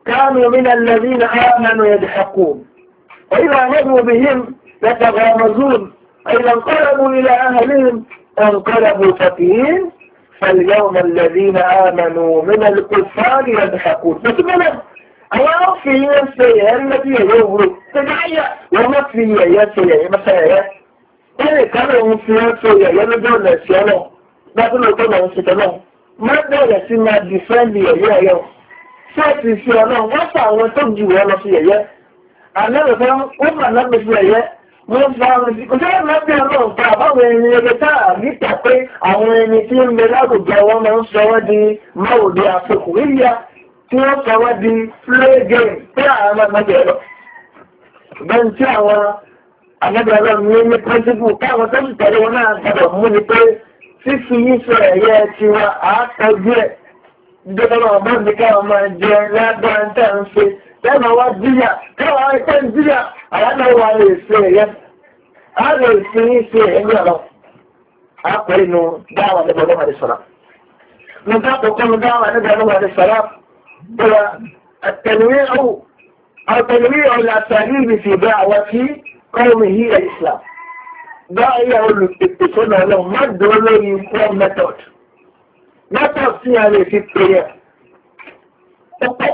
كانوا من الذين آمنوا يضحكون وإذا نجوا بهم يتغامزون أي انقلبوا إلى أهلهم انقلبوا فقيرين فاليوم الذين آمنوا من الكفار يضحكون مثلا أنا في يسيا الذي يغرو تدعي وما في يسيا مثلا إيه كانوا في يسيا يبدو نسيانه ما كانوا كانوا نسيانه ما ده يسمى ديفندي يا يا سيسيانه ما صار وتجي ولا في يا أنا مثلا وما نبي في يا wọ́n gba àwọn ìdíkò tí wọ́n lọ́pẹ́ ọlọ́run pa àbáwọn ẹni ẹgbẹ́ táà níta pé àwọn ẹni tí ń bẹ lágùgbà wọn máa ń sọ wọ́n di máwòdì àsokò ìyá tí wọ́n sọ wọ́n di flẹ́gẹ̀ pé àwọn máa gbàgbé ẹ̀rọ. bẹ́ẹ̀ tí àwọn tẹ́mà wá jíyà tẹ́wà ẹ̀kẹ́ jíyà àyádọ́wà lè ṣe ẹ̀yẹ́ a lè ṣe ní ṣe ẹ̀yẹ́ lọ a pẹ̀ inú dáwà nígbà lọ́wà lè sọ̀rọ̀ nígbà kọ̀kọ́ ní dáwà nígbà lọ́wà lè sọ̀rọ̀ bẹ̀rẹ̀ àtẹ̀lẹ́wé ọ̀là tàbí ìbìsì bẹ́ àwọn tí kọ́ọ̀mù yí ẹ̀ islam bá ẹ̀yà olùpèpè sọ́nà ọlọ́run má dúró lórí poor method method tí a lè fi pè yẹ púpọ̀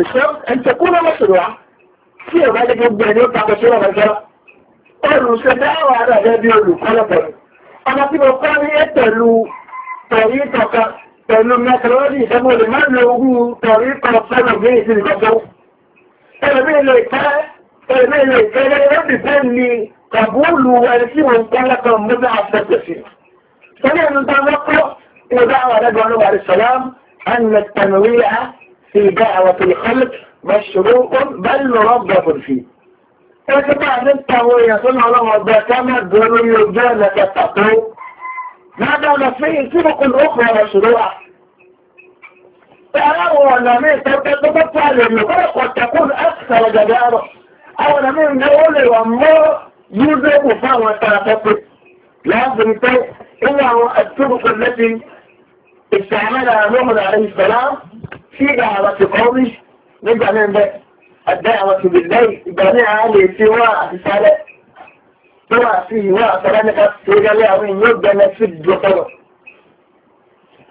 بشرط أن تكون مشروعة في غالب الجانية كمشروع مثلا قالوا سمعوا على ذلك يقولوا قلبهم أما في مقام يتلو طريقك pẹ̀lú mẹ́tẹ̀lọ́dì ìṣẹ́gbọ́lẹ̀ mẹ́lẹ̀ogún tọ̀rí pàtàkì bí i sílẹ̀ gbọ́gbọ́. Ẹlẹ́bí ilẹ̀ ìfẹ́, ẹlẹ́bí ilẹ̀ ìfẹ́ lẹ́bí fẹ́ ni kàbúlù ẹni tí wọ́n kọ́lọ́kọ̀ mọ́lá àfẹ́fẹ́ sí. Sọ́lẹ́ ìlú tán lọ́kọ́, ìlú àwọn ẹgbẹ̀rún wà في دعوة الخلق مشروع بل مرغب فيه فتبع انت ويصنع له البكامة دول يرجان هذا ما فيه طرق اخرى مشروعة فأروا ولا مين تتبع للنقاط قد وتكون أكثر جدارة أو أن مين نقول والله يذهب فهو تعتقد لازم تقول إنه الطرق التي استعملها نوح عليه السلام tí dàwà ti kọ́rí nígbà náà bẹ́ àdá àwọn ti bì lẹ́yìn ìgbà náà a lè fi wá àti sálẹ̀ tó wà sí ìwé àtọ́lá nípa tó gẹ́lẹ́ àwọn èèyàn gbẹ́lẹ́ sí ìdókòrò.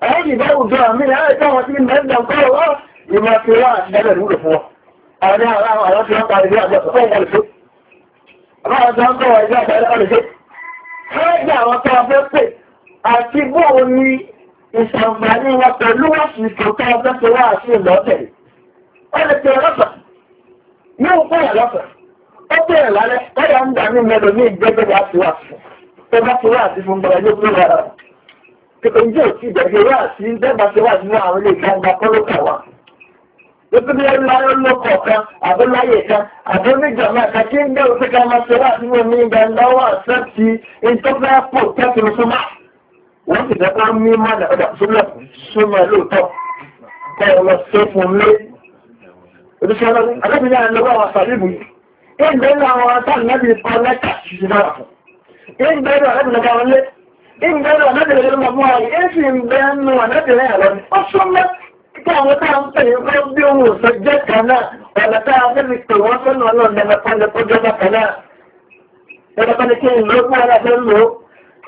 àwọn ìgbà òjò àmì láàrín táwọn tí mẹ́rin dàn kọ́ wọ́n ìmọ̀ fi wá àtẹ́lẹ̀ lúrò fún wọn. àwọn àwọn àwọn ti wọ́n parí bí àjọ sọ́kọ́ ìwọ̀n lè Àwọn ọ̀dọ́ ń bọ̀ wọ̀ ìjọba ẹ̀rọ lè ṣe. Fẹ́ẹ̀gbà àwọn tó ọgbẹ́ pè àti bóun ni ìṣàǹfààní wọn pẹ̀lú àsìkò tó ọjọ́ tó wá sí ìlọ́bẹ̀. Wọ́n lè pe ọlọ́pàá. Ní òkú ọlọ́pàá, ó bẹ̀rẹ̀ lálẹ́, ọ̀yà ń dà ní mẹ́lò ní ìgbẹ́gbẹ́ bá ti wà fún. Tó bá ti wá sí fún bọ̀rọ̀ ní òkú rárá. Kìkì ń jẹ́ òtí ìdẹ̀gbẹ́ wá sí dẹ́gbà ti wá sínú àwọn ilé ìgbàgbà kọ́lọ́kà wa. Lókè bí ẹni láyé lókọ̀ kan, àbí láyé kan, àbí oníjàmbá kan kí ń dẹ́ òtí ká máa ṣe wá sínú omi ìgbà ńlá wà sẹ́ẹ̀tì ìtọ́fẹ́ pò tẹ́tù mùsùlùmá wọ́n sì fẹ́ bá mí má nà ọ̀dà súnmọ̀ súnmọ̀ lóòótọ́ kọ́ ọ lọ sí fún mi oníṣẹ́ ọlọ́run alábìnrin àwọn ọlọ́wọ́ sàlíbù yìí ìgbẹ́ ní àwọn atáàlì náà bíi pa lẹ́tà sí náà fún ìgbẹ́ ní ọ̀nàbìnrin kan lé ìgbẹ́ ní ọ̀nàbìnrin kan mọ̀ fún wa yìí èsì ìgbẹ́ ní ọ̀nàbìnrin àlọ́ ni ó súnmọ́ kí àwọn tá à ń pè é fẹ́ bí ohun òṣèjẹ́ kan náà ọ̀nà tá a fẹ́ fi pè wọ́n sọ́nà ọlọ́run ẹ̀mẹ́pẹ́lẹ́pẹ́jọ́ bákan náà ẹ̀mẹ́pẹ́lẹ́ kí n ló pọ̀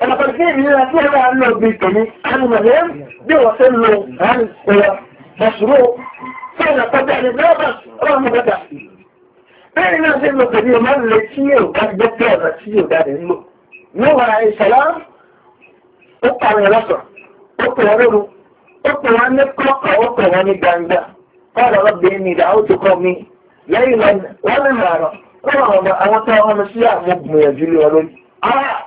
ẹ̀kọ́ sí ìrìnlẹ̀ tí ẹ̀rọ àlọ́ bí tòní àmìmọ̀lẹ́ bí wọ́n fẹ́ lọ àárín ẹ̀rọ mọ̀ṣúrò fẹ́ẹ̀nà pọ́jà ní bẹ́ẹ̀bà ọlọ́run mọ̀gbẹ́ta bẹ́ẹ̀ náà sí lọ pẹ̀lú ọmọ ilẹ̀ tí yóò bá gbẹ́ pẹ́ ọ̀rọ̀ tí yóò dáadẹ̀ ń lò níwọ̀n ìṣẹ̀lá ó pààrọ̀ lọ́sọ̀ ó pè wọ́n lóru ó pè wọ́n ní kọ́kọ̀ ó pè wọ́n àwọn tó ọmọ sí àwọn gbìyànjú lé wọn lórí. Ah!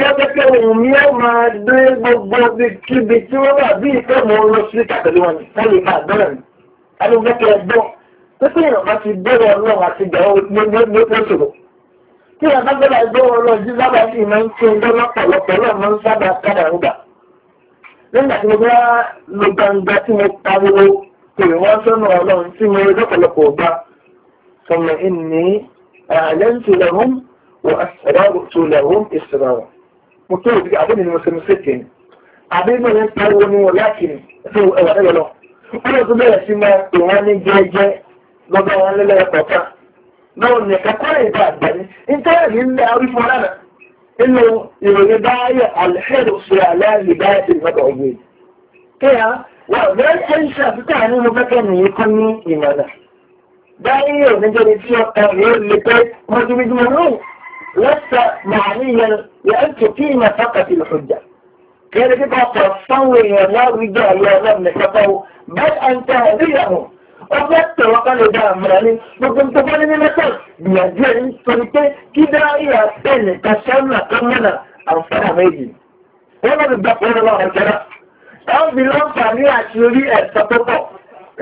Ẹgbẹ́gbẹ́ ohun mi ó máa dé gbogbo kíbi tí wọ́n wà bí ìfẹ́ mọ́ lọ sí kàtàlú wọn fún ìgbà àdúrà mi. Alúgbẹ́kẹ́ ẹgbọ́, pípé ìrànlọ́ ti bẹ̀rẹ̀ ọlọ́run àti ìgbà tí mo lọ́pọ̀lọpọ̀ ọba sọmọ ẹni àlẹ́ ń tulẹ̀ hóm wọ́n àṣàrà tulẹ̀ hóm ìṣẹ̀rọ̀ mutum yìí àbẹ́ni ni mo ṣe mo ṣe tẹ̀ ní àbẹ́ni yẹn pariwo ni wọ́n láti ní fún ẹ̀wà ẹ̀yọ lọ. wọ́n lè tún bẹ̀rẹ̀ sí máa pè wọ́n ní jẹ́jẹ́ lọ́dọ̀ wọn lẹ́lẹ́ kọ̀ọ̀kan náà ní kakọ́ ìta àgbàní intanẹ̀tì ńlẹ̀ arúfọ́ lánà nínú ìròyìn báyọ̀ alhẹ́rù ṣe nínú bẹ́kẹ́ nìyí kọ́ ní ìmọ̀nà. báyọ̀ níjọ́ ni tí ọkọ̀ yóò lè pẹ́ لست معنيا لأنت قيمة فقط الحجة كان تبقى تصور يا الله وجاء يا الله نكفه بل أن تهديهم وقت وقال ده أمراني وكنت تقول من مثلا بيجري سلطة كده إلى سنة تشمع كمنا أنفرها ميدي وما بالضبط ولا الله كده أو بالأنفعني عشوري أستطبق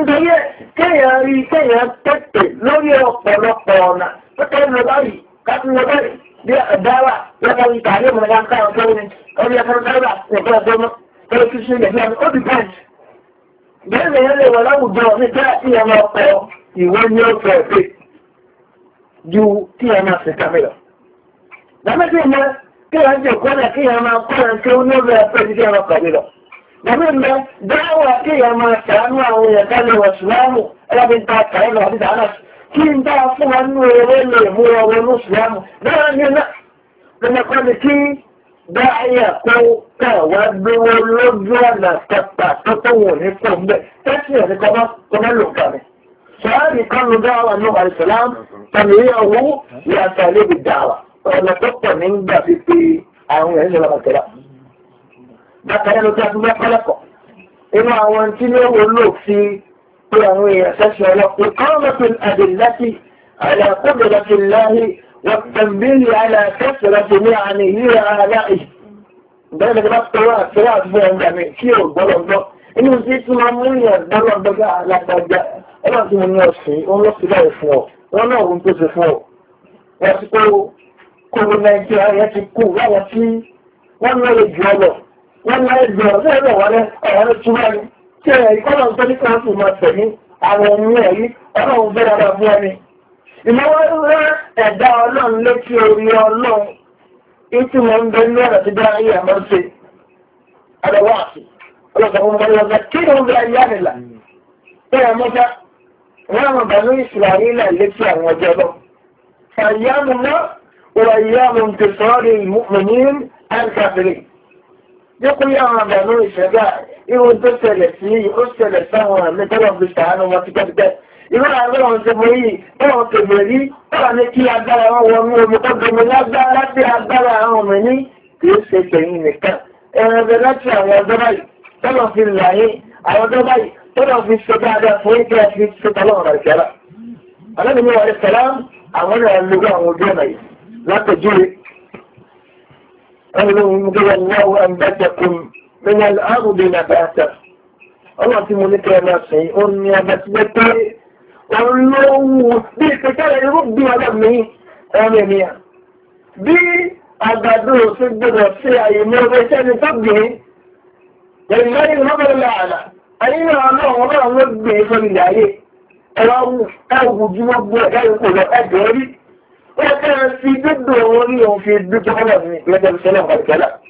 nítorí ẹ̀ kéèyàn rí kéèyàn tètè lórí ọ̀pọ̀lọpọ̀ ọ̀nà tó kẹ́rin kafin ya bari da dawa ya bari tare mu ya kawo saurin kawai ya kawo dawa ya kawo goma kawai su shi da biya mu obi pant bẹ́ẹ̀ ni yẹn lè wọ láwùjọ ní bí a ti yẹn máa kọ ìwé ní ọ̀sẹ̀ ọ̀sẹ̀ ju tí yẹn máa fi kàmí lọ. Dàmẹ́sì mẹ́ kí yẹn ti kọ́ náà kí yẹn máa kọ́ yẹn kí ó ní ọ̀sẹ̀ ọ̀sẹ̀ kí n dára fún wa nínú eré lè mú ọwọ́ lóṣùwámù náà ní náà lọ́mọkọ́ni kí bá ayé kó káwá gbéwó lójú ọ̀nà tẹ̀pà tó tó wò ní kò ń bẹ̀ tẹ́sí ẹ̀ ní kọ́mọ́ lò kàmì. sọ́ọ́rì kan ló dáwà ní àìsàlám tàbí ìyàwó yàtọ̀ lébi dáwà ọ̀nà tó pọ̀ ní gbà pípé àwọn èèyàn ìṣẹ̀lẹ̀ àkẹ́rà. bákan náà ló tẹ́ قرآنية تشمل إقامة الأدلة على قدرة الله والتنبيه على كثرة نعمه وآلائه ذلك لا الطواف ثلاث فهم جميع كيرو الضرب إنه زيت معمولية الضرب بقى على بقى أنا أنت من نفسي ونفسي لا يفنو وأنا أنت تفنو وأسكو كل نيجيريا تكو غلطي وأنا يجي الله وأنا يجي الله وأنا يجي الله ṣe ìkọ́lọ̀ tó ní káàkùn máa tẹ̀lé àwọn ohun ẹ̀rí ọlọ́run bẹ́ẹ̀ dára fún ẹni. ìmọ̀wọ́rẹ́ ẹ̀dá ọlọ́run létí orí ọlọ́run ìtumọ̀ ń bẹ ní ọ̀rọ̀ tí bá ayé àmọ́ ṣe ọlọ́wọ́ àti ọlọ́sọ̀rọ̀ ń bẹ lọ́sọ̀ kí yá irun tó ṣẹlẹ̀ sí ó ṣẹlẹ̀ sáwọn àmì tọ́lọ̀ fi ṣàánú wọn ti pẹ́pẹ́ irú àwọn ọ̀hún ṣe mọ yìí báwọn tèmi rí báwọn ní kí agbára wọn wọnú omi tó gbomi lágbára láti agbára àwọn ọmọ ní kì í ṣe tẹ̀yìn nìkan ẹran bẹ láti àwọn ọjọ́ báyìí tọ́lọ̀ fi là yín àwọn ọjọ́ báyìí tọ́lọ̀ fi ṣe dáadáa fún yín kí a fi ṣe tọ́lọ̀ ọ̀rọ̀ ìṣẹ́lá من الأرض نباتا ọlọ́run tí mo ní kẹ́ ẹ̀mọ́ sìn ó ní ọba tí wọ́n pé olówó bí ìpẹ́kẹ́rẹ́ irúgbìn ọlọ́mìn ọmọ ènìyàn bí àgbàdo sí gbọdọ̀ sí àyè ní ọgbẹ́ iṣẹ́ ní sọ́gbìn lẹ́yìn lẹ́yìn lọ́bẹ̀rẹ̀ làálà àyínà ọlọ́run ọlọ́run ló gbé e sọ́ni láyé ẹ̀rọ ẹ̀wù jí wọ́n gbọ́ ẹ̀dá ìkó lọ ẹ̀dọ́ rí ó yẹ kẹ́ ẹ fi gbẹdọ̀ wọn ní òun fi dúpẹ́ ọlọ́run ní ìpínlẹ̀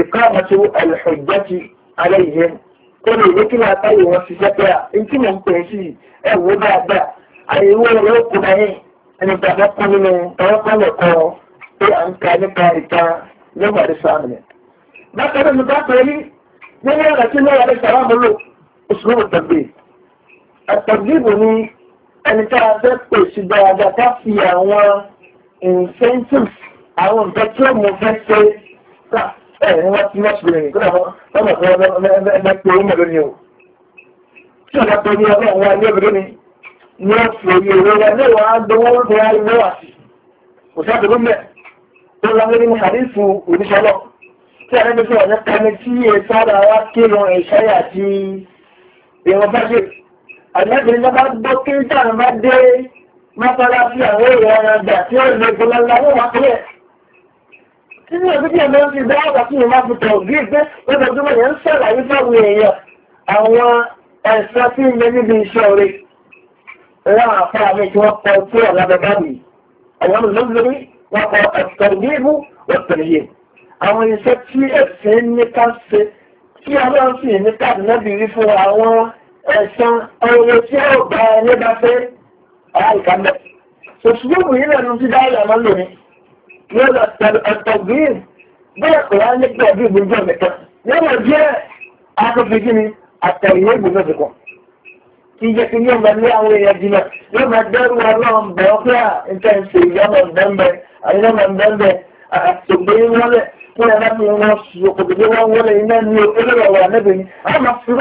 إقامة الحجة عليهم kọ́nà ìwé kí wàá táyé wọn ṣiṣẹ́ pé ntí mò ń pè é sí ẹ̀wọ́ dáadáa àyẹ̀wò rẹ̀ ó kúra yẹn ẹni bàbá kọ́ nínú ọ̀rọ̀ kan lẹ́kọ̀ọ́ pé à ń ka nípa ìta lẹ́wọ̀n àdìsá rẹ̀. bákan náà nípa pẹ̀lú nínú ọ̀rọ̀ tí lẹ́wọ̀n àdìsá wà múlò òṣùwọ̀n òtàgbé. àtàgbébò ni ẹni tá a fẹ́ pè sí dáadáa fi àwọn incentives àwọn nǹkan tí ó mú fẹ́ ṣe ẹ̀ ní wọ́n ti lọ́sùn rẹ̀ kó dàbọ̀ lọ́nà tó ẹgbẹ́ pé ó mọ̀ lónìí o. Tí ọ̀nà tó ní ọlọ́run wa ní ọ̀bẹ lónìí ní ọ̀sùn òye òwe wa ní ìwà àdánwò ń bẹ ayé wà sí. Kò sí àdúgbò mẹ́ tó lọ nínú àdínkù oníṣọ́lọ̀. Tí a lẹ́nu sọ̀rọ̀ nípa ẹni tí ìsára wa ké lọ ìṣẹ́yà àti ìwọ̀n Títí òbí tí ẹ̀mọ́ ń fi bẹ́ẹ̀ wà tí mo máa fi tọ̀ bí gbé lójoojúmọ́ yẹn ń ṣàlàyé fáwọn èèyàn àwọn ẹ̀sọ́ tí ń bẹ níbi iṣẹ́ orí. Láwọn afárá mi tí wọ́n kọ sí ọ̀ lábẹ́ báyìí. Àwọn olóńgbèrè wọ́n kọ ẹ̀sọ́ ìgbéèmú ọ̀tẹ̀lẹ̀ àwọn iṣẹ́ tí ẹ̀sìn ní ká ṣe tí ọlọ́run sì ní káàdì náà bìí fún àwọn ẹ̀sán ọ̀rọ̀ tí ó bá ẹni bá fẹ́ àìkàmẹ́. Òṣùgbọ́n yìí lẹ́nu ti dá ìyàmọ́ lónìí yọ́nà àtọ̀gbìn bẹ́ẹ̀ kò wá nípa ẹ̀bí ìgbìmọ̀ mẹ́ta yọ́nà jẹ́ akọ́fíjì ni àtẹ̀yẹ ìgbìmọ̀ ti kọ̀ kí jẹ́ kí ní ọmọ ilé àwọn èèyàn jìnnà yóò máa dẹ́rù ọlọ́run bẹ̀ ọ́ pé nǹkan ìṣe ìyọ́nà bẹ́ẹ̀ àyínàmọ̀ bẹ́ẹ̀ àtògbé wọlé fún ẹ̀rọ mi wọn ṣòkòtò bí wọ́n wọlé iná ní olóòrò wà níbi ni a máa fi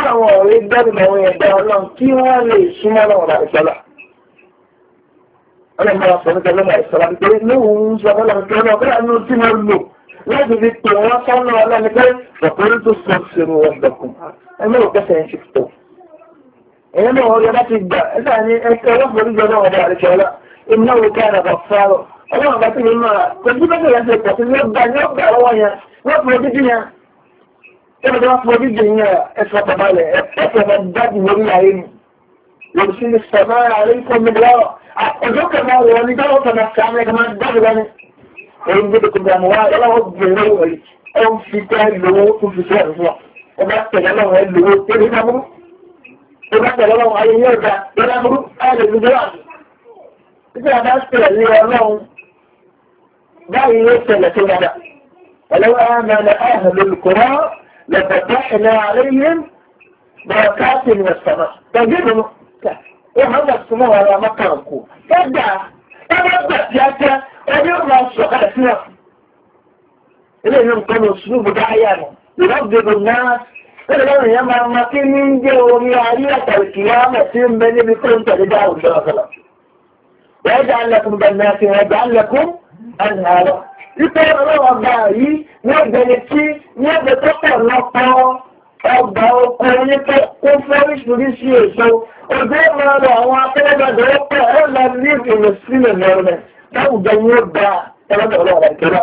ọlọ́mọdé àfọ̀nìkẹ́ lọ́mọ ìsọ̀rọ̀ àbíkẹ́ ní òun sọ ọlọ́mọdé ọlọ́mọdé ọlọ́mọdé tí wọ́n lò láti fi pè wọ́n sọ́nà ọlọ́mọdé ọ̀pọ̀lọpọ̀ tó sọ ṣèrò ọ̀dọ̀kùn ẹgbẹ́ òkẹ́sẹ̀ ń ṣe tó. ẹ̀yẹ́ náà wọ́n yọ láti gbà ẹ̀dá ní ẹ̀kẹ́ ọlọ́mọdé jọ náà ọ̀dọ̀ àrẹ̀kẹ́ ọlá iná wo ká ẹ̀rọ fáró ọlọ́mọdé tí mi máa pẹ̀lú bẹ́ẹ̀ láti pọ̀ sí ní ọgbà ní ọgbà ọwọ́ yẹn wọ́n fún ojú yẹn ẹ̀rọ tó wọ́n fún ojú yẹn ẹ̀fọ́ tọ̀balẹ̀ يرسل السماء عليكم مدرارا أتذكر ما هو لدرجة نفسي عملك ما الدغلة يعني. وينجدكم بأموال ولا رب الروعي أو في تهل لغوط وفي سهل صح وبحتى لله هل لغوط تهل أمره وبحتى لله عليه يرجع يرى أمره أهل الجدران إذا ما أسأل اللي أمره دعي يسأل لكنا ده ولو آمن أهل القرى لفتحنا عليهم بركات من السماء تجدهم Muhammad súnmọ́ wa ra maka ọkọ̀. Ẹgbà ẹgbà gbà tí a jẹ́ ẹni ó máa sọ ká sí ọ̀fù. Ilé ìlú nǹkan ló sùn bùdá ayà nù. Ìlọ́gbẹ̀dọ̀ náà ẹ̀rọ lọ́rùn yẹn máa ma kí ní jẹ́ orí ayé àtàlùkì yá mọ̀ ọlọ́wọ́ gbà yìí ní ọ̀gbẹ́ni tí ní ọ̀gbẹ́ tó pọ̀ lọ́pọ̀ ọgbà oko yín tó kó fẹ́ríṣiríṣi èso òde máa lọ àwọn akẹ́lẹ́gbẹ̀dẹ̀ ọ̀pẹ̀ ẹ̀ lọ ní ìrìnà sílẹ̀ mẹ́rin láwùjọ yín ó gba ẹlọ́dọ̀ ọlọ́ọ̀rẹ́ ìjọba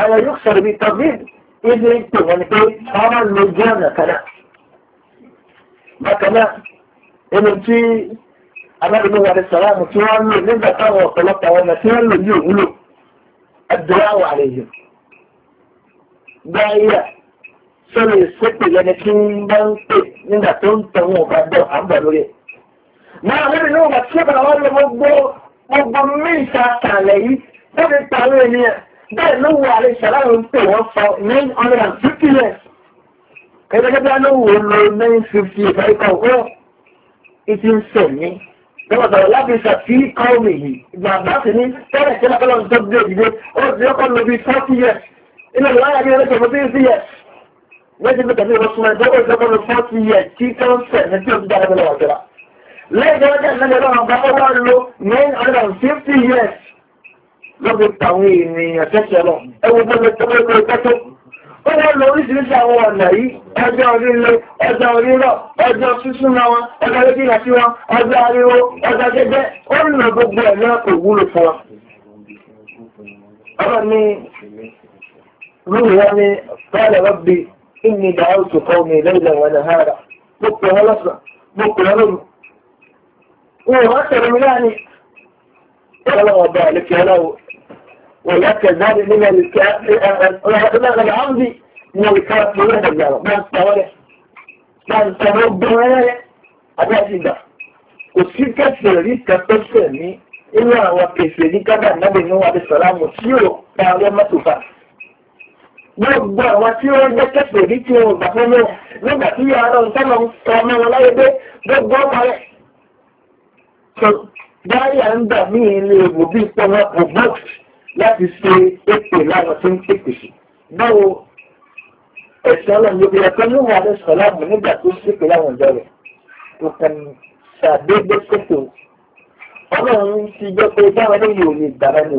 àwọn yóò sọ̀rọ̀ bíi tọ́gbìn ilé ìpè wọn ni pé wọ́n máa lo ojú ọ̀nà kanáà. bákan náà ẹni tí aláàbò wà ní sàlámù tí sọ́nà ìsépè lẹni tí ń bá ń pè nígbà tó ń tẹ̀ wọn ọ̀gá bọ̀ àgbà lórí ẹ̀. Máa lórí náà wà tí ọ̀gá wọn lọ gbogbo gbogbo mẹ́ta tààlẹ̀ yìí tó fi parí ni. ẹ̀. Bẹ́ẹ̀ ló wọ àlẹ́ ìṣàlàyé ń pè wọ́n fọ nine hundred and fifty years. Ẹgbẹ́ gẹ́gẹ́ ló wò lọ nine fifty ìfẹ́ríkà ọ̀gbọ́. Ìtì ń sẹ̀ mí. Lọ́wọ́dọ̀ láti ṣàfi kọ́ mi yìí. Bàbá sì ní tẹ́lẹ̀ tẹ́lẹ̀ kọ́lọ́ lẹ́yìn tó kẹ̀mí ìwọ́sùn ẹ̀dọ́ ìjọba lọ fọ́ọ̀tì yẹ tí kẹ́ńsẹ̀ ní tí ó ti dára lọ́wọ́ ọ̀tẹ́ra lẹ́yìn tó kẹ́ ìlẹ́yìn ọlọ́run bá wá lo nine hundred and fifty years lọ́gbẹ̀ tàwọn ènìyàn tẹ́sẹ̀ lọ ẹwọ gbọ́dọ̀ tọ́gbẹ́ gbọ́dọ̀ tẹ́tọ́ ó wọ́n lo oríṣiríṣi àwọn ọ̀nà yìí ọjọ́ orílẹ̀ ọjọ́ orílọ̀ ọjọ́ sísúnmọ́ wọn ọjọ́ lẹ́gbẹ̀ẹ́ sí wọn ọjọ́ ariwo ọjọ́ gẹ́gẹ́ ó ń lọ gbogbo ẹ̀ náà kò wúlò fún wọn. ọ̀rọ̀ mi rúwìí wọn ni báyọ̀ lọ́gbẹ̀ẹ́ إني دعوت قومي ليلا ونهارا بكرة هلصة بكرة رمي وأكثر من يعني ولا وذلك له ولك ذلك من الكافر العمد من الكافر من الجارة ما استولح ما استمد ولا أبعد ده وسيك سيري كتسمي إلا وكسيري كذا النبي نوح عليه السلام وسيرو قال ما تفعل gbogbo àwọn tí wọ́n jẹ́ kẹ́pẹ̀ rí tí wọ́n gbà fún mi nígbà tí yọ ọ̀rọ̀ ìtọ́nà ń sọ ọmọ wọn láyé pé gbogbo parẹ́. dáríà ń gbà mí ilé ìwò bí ìpọnmọ provoke láti ṣe èpè lánàá tó ń pèpè sí. báwo ẹ̀sìn ọlọ́run ló bẹ̀rẹ̀ pé níwọ̀n alẹ́ sọ láàmú nígbà tó ṣépè láwọn ìjọ rẹ̀ kò kàn ṣàdédé ṣètò ọlọ́run ti jẹ́ pé báwọn eléyìí ò ní gbà lẹ́nu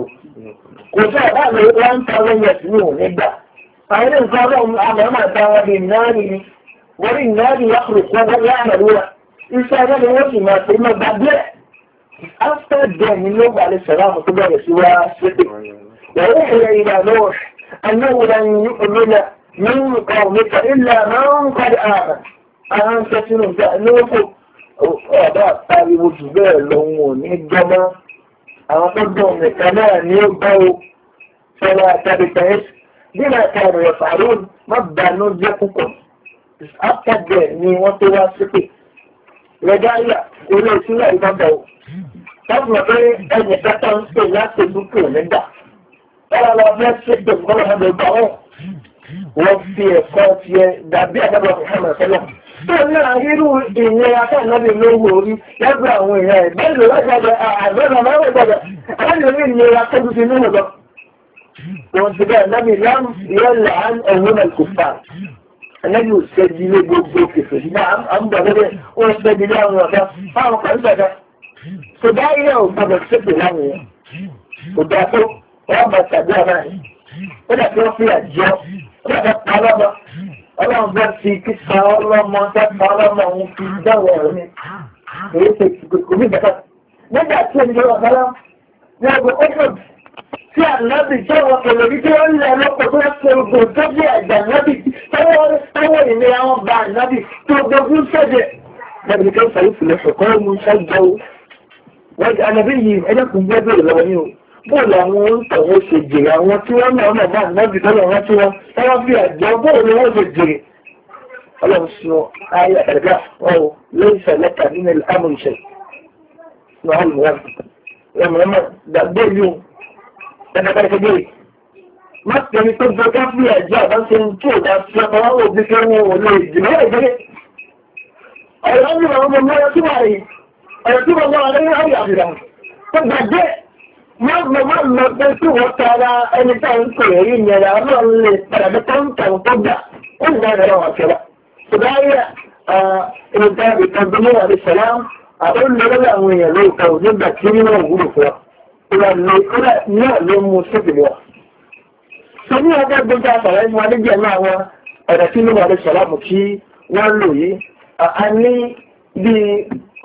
kò sí àbá mi one thousand years ní òun فهل انظرهم عمما دعوا بالنار وللنار يخلقون ويعملون إنسان الوجه ما ثم بعدها After them, النبي عليه السلام قبل سوى سبيل وأوحي إلى نوح أنه لن يؤمن من قومك إلا من قد آمن أنت سنفأنوك ọ̀dọ́ àtàríwò jù bẹ́ẹ̀ lòun ò ní gbọ́mọ́ àwọn tó dùn nìkan náà ní ó gbọ́ o sọ́lá àtàbí tẹ̀yẹ́sì bílẹ̀ kẹrù ẹ̀fàrún má bàánú jẹ́ púpọ̀ after there ni wọ́n tó wá sípè rẹ̀dáyà ilé ìsúná ìbábọ̀ o láti mọ̀ pé ẹnì kẹta ń pè láti dúpọ̀ nígbà ẹ̀rọ lọ fẹ́ sípè kọ́lọ́ ọ̀dọ̀ gbà wọ́n wọ́n fi ẹ̀kọ́ tiẹ̀ dàbí àdábọ̀ Muhammad sọ́lọ́ tó náà irú ìyẹn akẹ́nàbí lówó orí lẹ́gbẹ̀ẹ́ àwọn èèyàn ẹ̀ bẹ́ẹ̀ lọ́wọ́ gbọ́dọ̀ àgbẹ̀rẹ̀ máa ń gbọ́dọ̀ wọ́n ti bẹ́ẹ̀ lẹ́bi lẹ́nu yẹ́lẹ̀ án ẹ̀wọ́n náà kò fà ẹlẹ́bi ò sẹ́bi ilé gbogbo kẹfẹ́ ní àmúgbà lẹ́bẹ̀ ó ń sẹ́bi ilé àwọn ọ̀gá fáwọn kan gbàgbà kò bá tàbí ọ̀nà yìí ọlọ́mọ sábà ọlọ́mọ òun fi dáwọ̀ ọ̀rọ̀ mi kò ní ìgbà kan nígbà tí ẹni lọ́wọ́ tí ànábì jẹ́wọ́ pẹ̀lẹ́bí tí wọ́n lẹ̀ lọ́pọ̀ tó ṣe ogun gẹ́gẹ́ àgbà ànábì tọ́wọ́ ìnira wọn bá ànábì tó gbogbo sẹ́jẹ̀. Nàbì kan sàrí sílẹ̀ ṣọ̀kọ́ mú ṣáájú o. Wọ́n di ànábì yìí ẹjẹ́ kò gbé bèrè lọ́wọ́ ní o. Bóòlù àwọn oúnjẹ wọn ṣe jèrè àwọn tí wọ́n náà náà bá ànábì tọ́lọ̀ wọn tí wọ́n wọ́n fi àjọ bóòlù wọn ṣe jèrè. Ọlọ́run sọ ayé ẹ̀dá ọ̀hún lórí ìṣẹ̀lẹ̀ kàdínà ẹ̀ẹ́dẹ́gbẹ́ ti dé. Mọ́tìrì tó gbé káfí ẹ̀jọ́ àbáṣe ń tó ìdá sí ọmọ òbí fẹ́ ní òun ìdìbò ẹ̀jẹ̀. Ọ̀rọ̀ ń lọ ọmọ mọ́ra tí wà yìí, ọ̀rọ̀ tí wọ́n lọ́wọ́ lẹ́yìn àyà àbìrà. Ó gbàgbé máa mọ máa mọ pé tí wọ́n tara ẹni tá ń pè rí ìyẹn ọlọ́run lè padà bí tó ń tàn tó gbà ó ń dára ẹ̀rọ àṣẹwà. Ṣùgbọ́n ayé ìrìntàbí kan bí wọ́n wà ní sẹ̀lá, àbẹ́ ń lọ lọ́wọ́ àwọn èèyàn lóòótọ́ nígbà tí wọ́n wúlò fún wa. náà ló mú sókè wọ̀. sọ ní ọjọ́ gbogbo àtàrà ẹni wa níbi ẹ̀mọ́ àwọn ọ̀dà tí lóba lè sọ̀láàmù kí wọ́n lò yìí a ní bí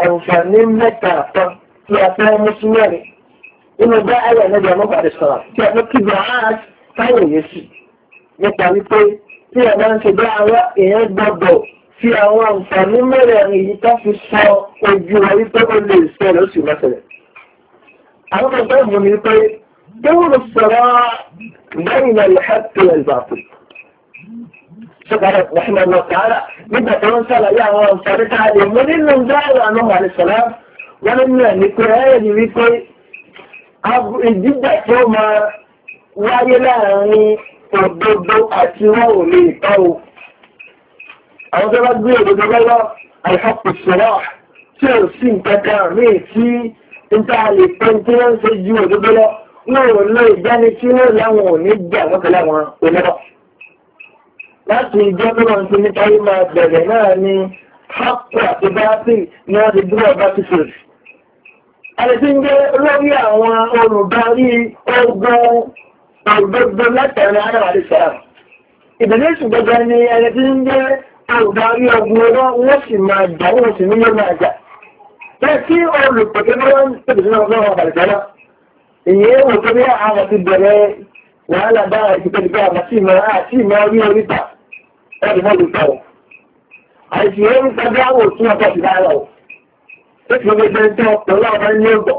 àǹfààní mẹ́ta kan tí a fẹ́ mú sí mẹ́rin nínú bá ayọ̀ níbi ẹ̀mọ́ bàdé sọ̀rọ̀ tí a fẹ́ kí bá a táyọ̀ yé sí nípa wípé tí a máa ń ṣe bá àwọn èèyàn gbọ́dọ̀ fi àwọn àǹfààní mẹ́rin yìí ká fi sọ ojú wa wípé ó lè ṣẹlẹ̀ ó sì mọ́ àwọn kẹfẹ́ ìwọ̀n ni pé dóòrò sọ̀rọ̀ lẹ́yìn al-haqqi wal-batil sọ́kàrà ìpàṣẹ lọ tààrà nígbà tó ń sàlàyé àwọn ọ̀sán tá a lè mú nínú dáàrà àná àlùsọ̀lá wọn ní ẹ̀ ní pé ẹ̀ ní wípé ìdíjà tó máa wáyé láàárín òdodo àti wọn ò lè tọ́ o. àwọn tó bá gbé òdodo lọ́wọ́ al tí ò sí nǹkan kan tí níta lè pẹ́ tí wọ́n ń ṣe ju òdodo lọ wọn ò lọ ìjáde tí wọ́n láwọn ò ní gbà wọ́n pẹ̀lú àwọn onírọ̀. láti ìjọ tó wọn ti ní parí máa bẹ̀rẹ̀ náà ni hapu àti báàsì ni wọ́n ti dúró ọba ti fèrè. àlejò ń jẹ́ lórí àwọn olùdarí ogun òdodo látàrí ara àti sàrà. ìbẹ̀rẹ̀ ìṣùgbọ́gbọ́ ni ẹni tí ń jẹ́ olùdarí ogun ọlọ́wọ́ sì máa jà wọ́n sì ní Tẹ́kí olùpẹ̀kẹ́ ní wọ́n tẹ̀lé sí ọgbọ́n àbàlìkálá. Ìyẹ́ wọ́n tó ní àwọn ti bẹ̀rẹ̀ wàhálà bá ìpínlẹ̀ pé àwọn sí ìmọ̀ àti ìmọ̀ orí oríta ẹ̀rù mọ́ lùtà ọ̀. Àìsí ìyẹ́ ń tàbí àwọn òtún ọ̀tọ̀ sí lára ọ̀. Tẹ́kí wọ́n gbé ń tẹ́ ọ̀pọ̀ láwọn ní ọgbọ̀.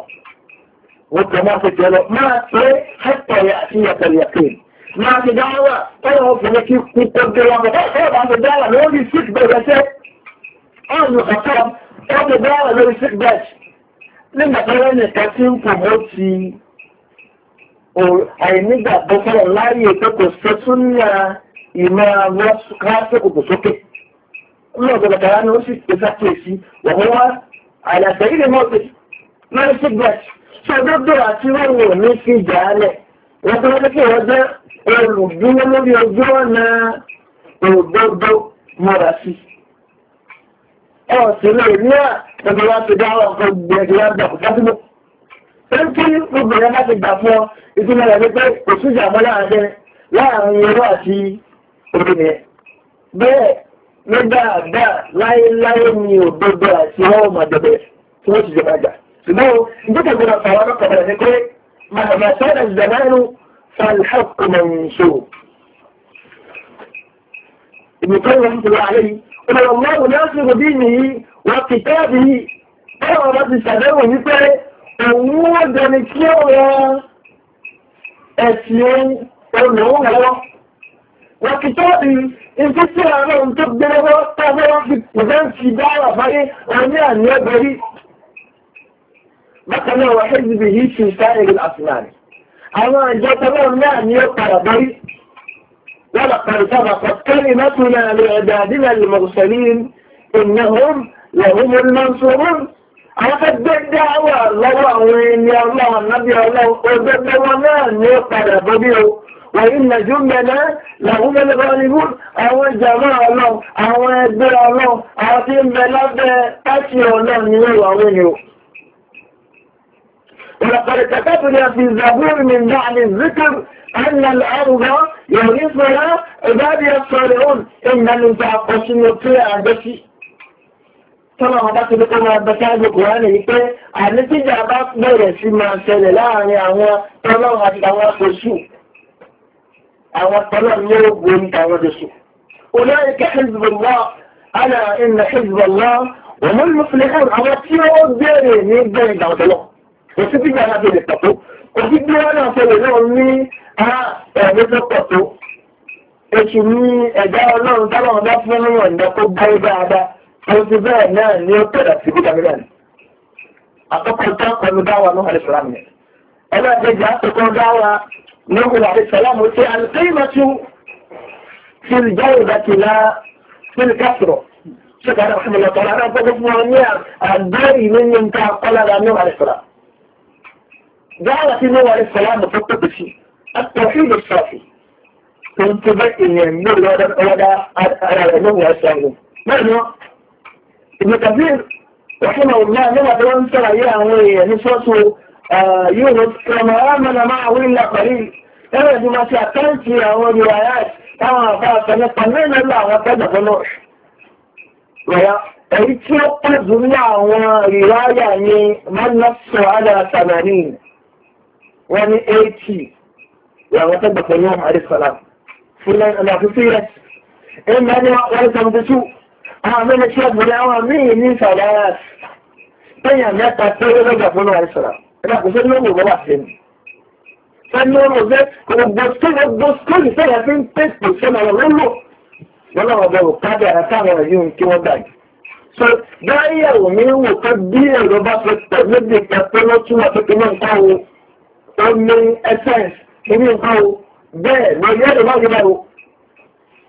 Wọ́n tẹ̀ máa fi jẹ́ lọ. Máa pé hẹ́pẹ̀rẹ̀ àti yàtẹ̀rẹ̀ yàtẹ̀rẹ̀. Máa ti dáwà tọ́lọ̀ ọkùnrin kí kú tó gbé wọn. Bẹ́ẹ̀ bá ti dáwà lórí sí ìgbẹ̀rẹ̀ Káàkiri bẹ́ẹ̀rẹ̀ lórí Sigbet nígbàtọ́rẹ́ nìkan tí ń kò mọ́ ti àìnígbàgbọ́ sọ̀rọ̀ láàyè pé kò sọ tún ní ìmọ̀ àwọn kásìkò sókè. Lọ́dọ̀ bàtàrà ni ó sì pèsè àkíyèsí wọ̀wọ́ wá àyàfẹ́ ilé mọ́tò lórí Sigbet. Ṣé òdodo àti ìrọ̀rùn ò ní fi jà á lẹ̀? Wọ́n tọ́ kí wọ́n jẹ́ ọ̀sẹ̀lẹ̀ ní à tọ́jọ́ wá ti dáwọ̀ ọ̀kan gbẹ̀rẹ̀ yàgbà fásitì ó kí gbogbo rẹ̀ bá ti gbà fún ọ ìtumọ̀ rẹ̀ wípé kò síjà mọ́ láàrin láàrin ẹ̀rọ ni òdodo àti ọwọ́ màdọ̀bẹ̀ tí wọ́n ti jọba jà ṣùgbọ́n ìdókè gbọdọ̀ fàwọn ọlọ́kọ̀ọ́rẹ̀ ni pé màdàmà sọ́dọ̀ ìjàmánú fàlhàkùnmọ̀ ìṣòro ìmùkọ́ ìwọ̀n ti wà lẹ́yìn ìrọ̀lọ́wò ní ọ́sìnkò bí ní wọ́n ti tẹ́ẹ̀bì ẹ̀wọ̀n bá ti ṣàdẹ́wò wípé òun ó jẹni kí ó rọ ẹ̀sìn olùrànwọ́ lọ́wọ́ wọ́n ti tẹ́ẹ̀bì ibi tí ààrẹ òun tó gbẹ́rẹ́wọ́ tẹ́ẹ̀bẹ́ wọ́n fi pẹ̀lẹ́ǹtì dáwà fáyé wọn ní àní ẹgbẹ̀rí bákan náà wọ́n ṣe ولقد سبقت كلمتنا لعبادنا المرسلين إنهم لهم المنصورون أخذ الدعوة وان يا الله النبي الله وزد ومان يقرأ ببيعه وإن جندنا لهم الغالبون أو جماع الله أو يدعو الله او تم بلاد أشياء الله من الله ولقد كتبنا في الزبور من بعد الذكر أن الأرض يورثها عبادي الصالحون إن المتعقصين يطيع بشيء tọ́lọ̀ ọba ti dúkọ́ máa bẹ sáájú kùránì wípé ànítíjà bá bẹ̀rẹ̀ sí máa ṣẹlẹ̀ láàrin àwọn tọ́lọ̀ àti àwọn aṣoṣù àwọn tọ́lọ̀ ní ogun ní àwọn aṣoṣù. olóyè kí ṣèjìbọ̀lá àná ìnà ṣèjìbọ̀lá wọ́n mú lùfìlẹ̀ hàn àwọn tí ó bẹ̀rẹ̀ ní bẹ̀rẹ̀ ìgbà ọ̀tọ̀lọ̀ kò sí bí gbàgbà bẹ̀rẹ̀ pàtó kò sí bí wọ́n náà ṣẹlẹ̀ náà ní ẹ̀mí lọ́pọ̀ tó oṣù ní ẹ̀dá ọlọ́run táwọn bá fún ní ọ̀nà kó gbáyé dáadáa tó ti bẹ́ẹ̀ náà ní ó padà sí bí kàmílà ní. àkọ́kọ́ tán pẹ̀lú dáwà ní ọ̀rẹ́ sọ́lá mi. ẹlẹ́ẹ̀kejì àkọ́kọ́ dáwà ní ọ̀rẹ́ sọ́lá mi ṣe àlùkẹ́yìnmọ́tú ti lè jáwé ìdákìlá sí ní kásìrọ̀. ṣé kàdà fún mi lọ́tọ̀ lára gbọ́dọ̀ fún wọn ní àgbẹ̀rì nínú nǹkan akọ́lára ní ọ̀rẹ́ sọ́lá. dáwà sí ní ọ̀rẹ́ sọ́lá mi tó tó التوحيد الصافي كنت بقي من ولا ولا على من وسائل معنى ابن كثير رحمه الله لما تقول ترى يا وي نصوص آه، يونس كما آمن معه إلا قليل أنا ما سأكلت يا روايات كما آه، فاتنقلنا الله وكذا فنوش ويا èyí الدنيا pẹ̀lú ní àwọn ìráyà من awon على ثمانين يعني so يعني طبق اليوم عليه السلام فلان أنا في سيرة إما أنا ولا تنبسو أعمل أشياء بالعوامين من ثلاث طيب لا تأثير رجع فلان عليه السلام لا قصد نوم وغلاحهم فالنوم وزيت والدستور والدستور ثلاثين تسبو سنة لغلو wọ́n náà bẹ̀rù kájà àtàwọn yìí ń kí wọ́n dàgbé. so dáyàwó mi ń wò pé bí ẹ̀rọ bá fẹ́ tẹ̀lé bí ìpàtẹ́ lọ́tún àti ìpínlẹ̀ nǹkan wo ó ní essence kìíní nǹkan o bẹ́ẹ̀ lọ yẹ́ lọ lọ́wọ́ yẹlẹ́ o.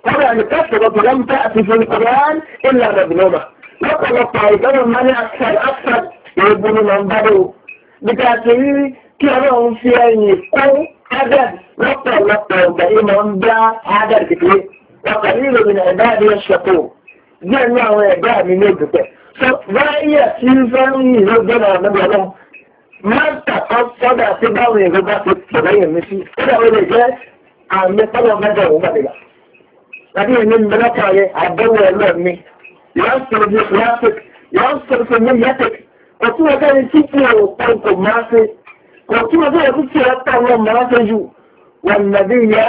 Kọ́lá ni kẹ́sìtọ̀ tó lẹ́nu tẹ́ àti fún Kọ́lán ilẹ̀ àdàbìnọ́mà. Lọ́pọ̀lọpọ̀ ìgbẹ́rù máa ní àṣàd àṣàd èébú ni màá ń bá dé o. Bìkà àti rírí kí ọlọ́run fi ẹyìn kó Adad lọ́pọ̀lọpọ̀ ìgbà yìí máa ń bá Adad kékeré. Ọkàn yìí lòmìn ẹ̀dá mi ń ṣọ̀tò. máa ń tàkọ́ sọ́dà tí báwọn èrò bá ti pè lẹ́yìn mi sí sọ́dà ó lè jẹ́ àmì tọ́lọ̀ mẹ́jọ òun gbàdúrà tàbí èmi ń bẹ́lẹ́ kan yẹ àbẹ̀wò ẹ̀lọ́ mi yọ̀ọ́ sọ̀rọ̀ mi yàtìk yọ̀ọ́ sọ̀rọ̀ mi yàtìk kò tí wọ́n kẹ́ni tí kí o pẹ́ kò máa ṣe kò tí wọ́n kẹ́ni tí kí o pẹ́ kò máa ṣe jù wọ́n nàbí yẹ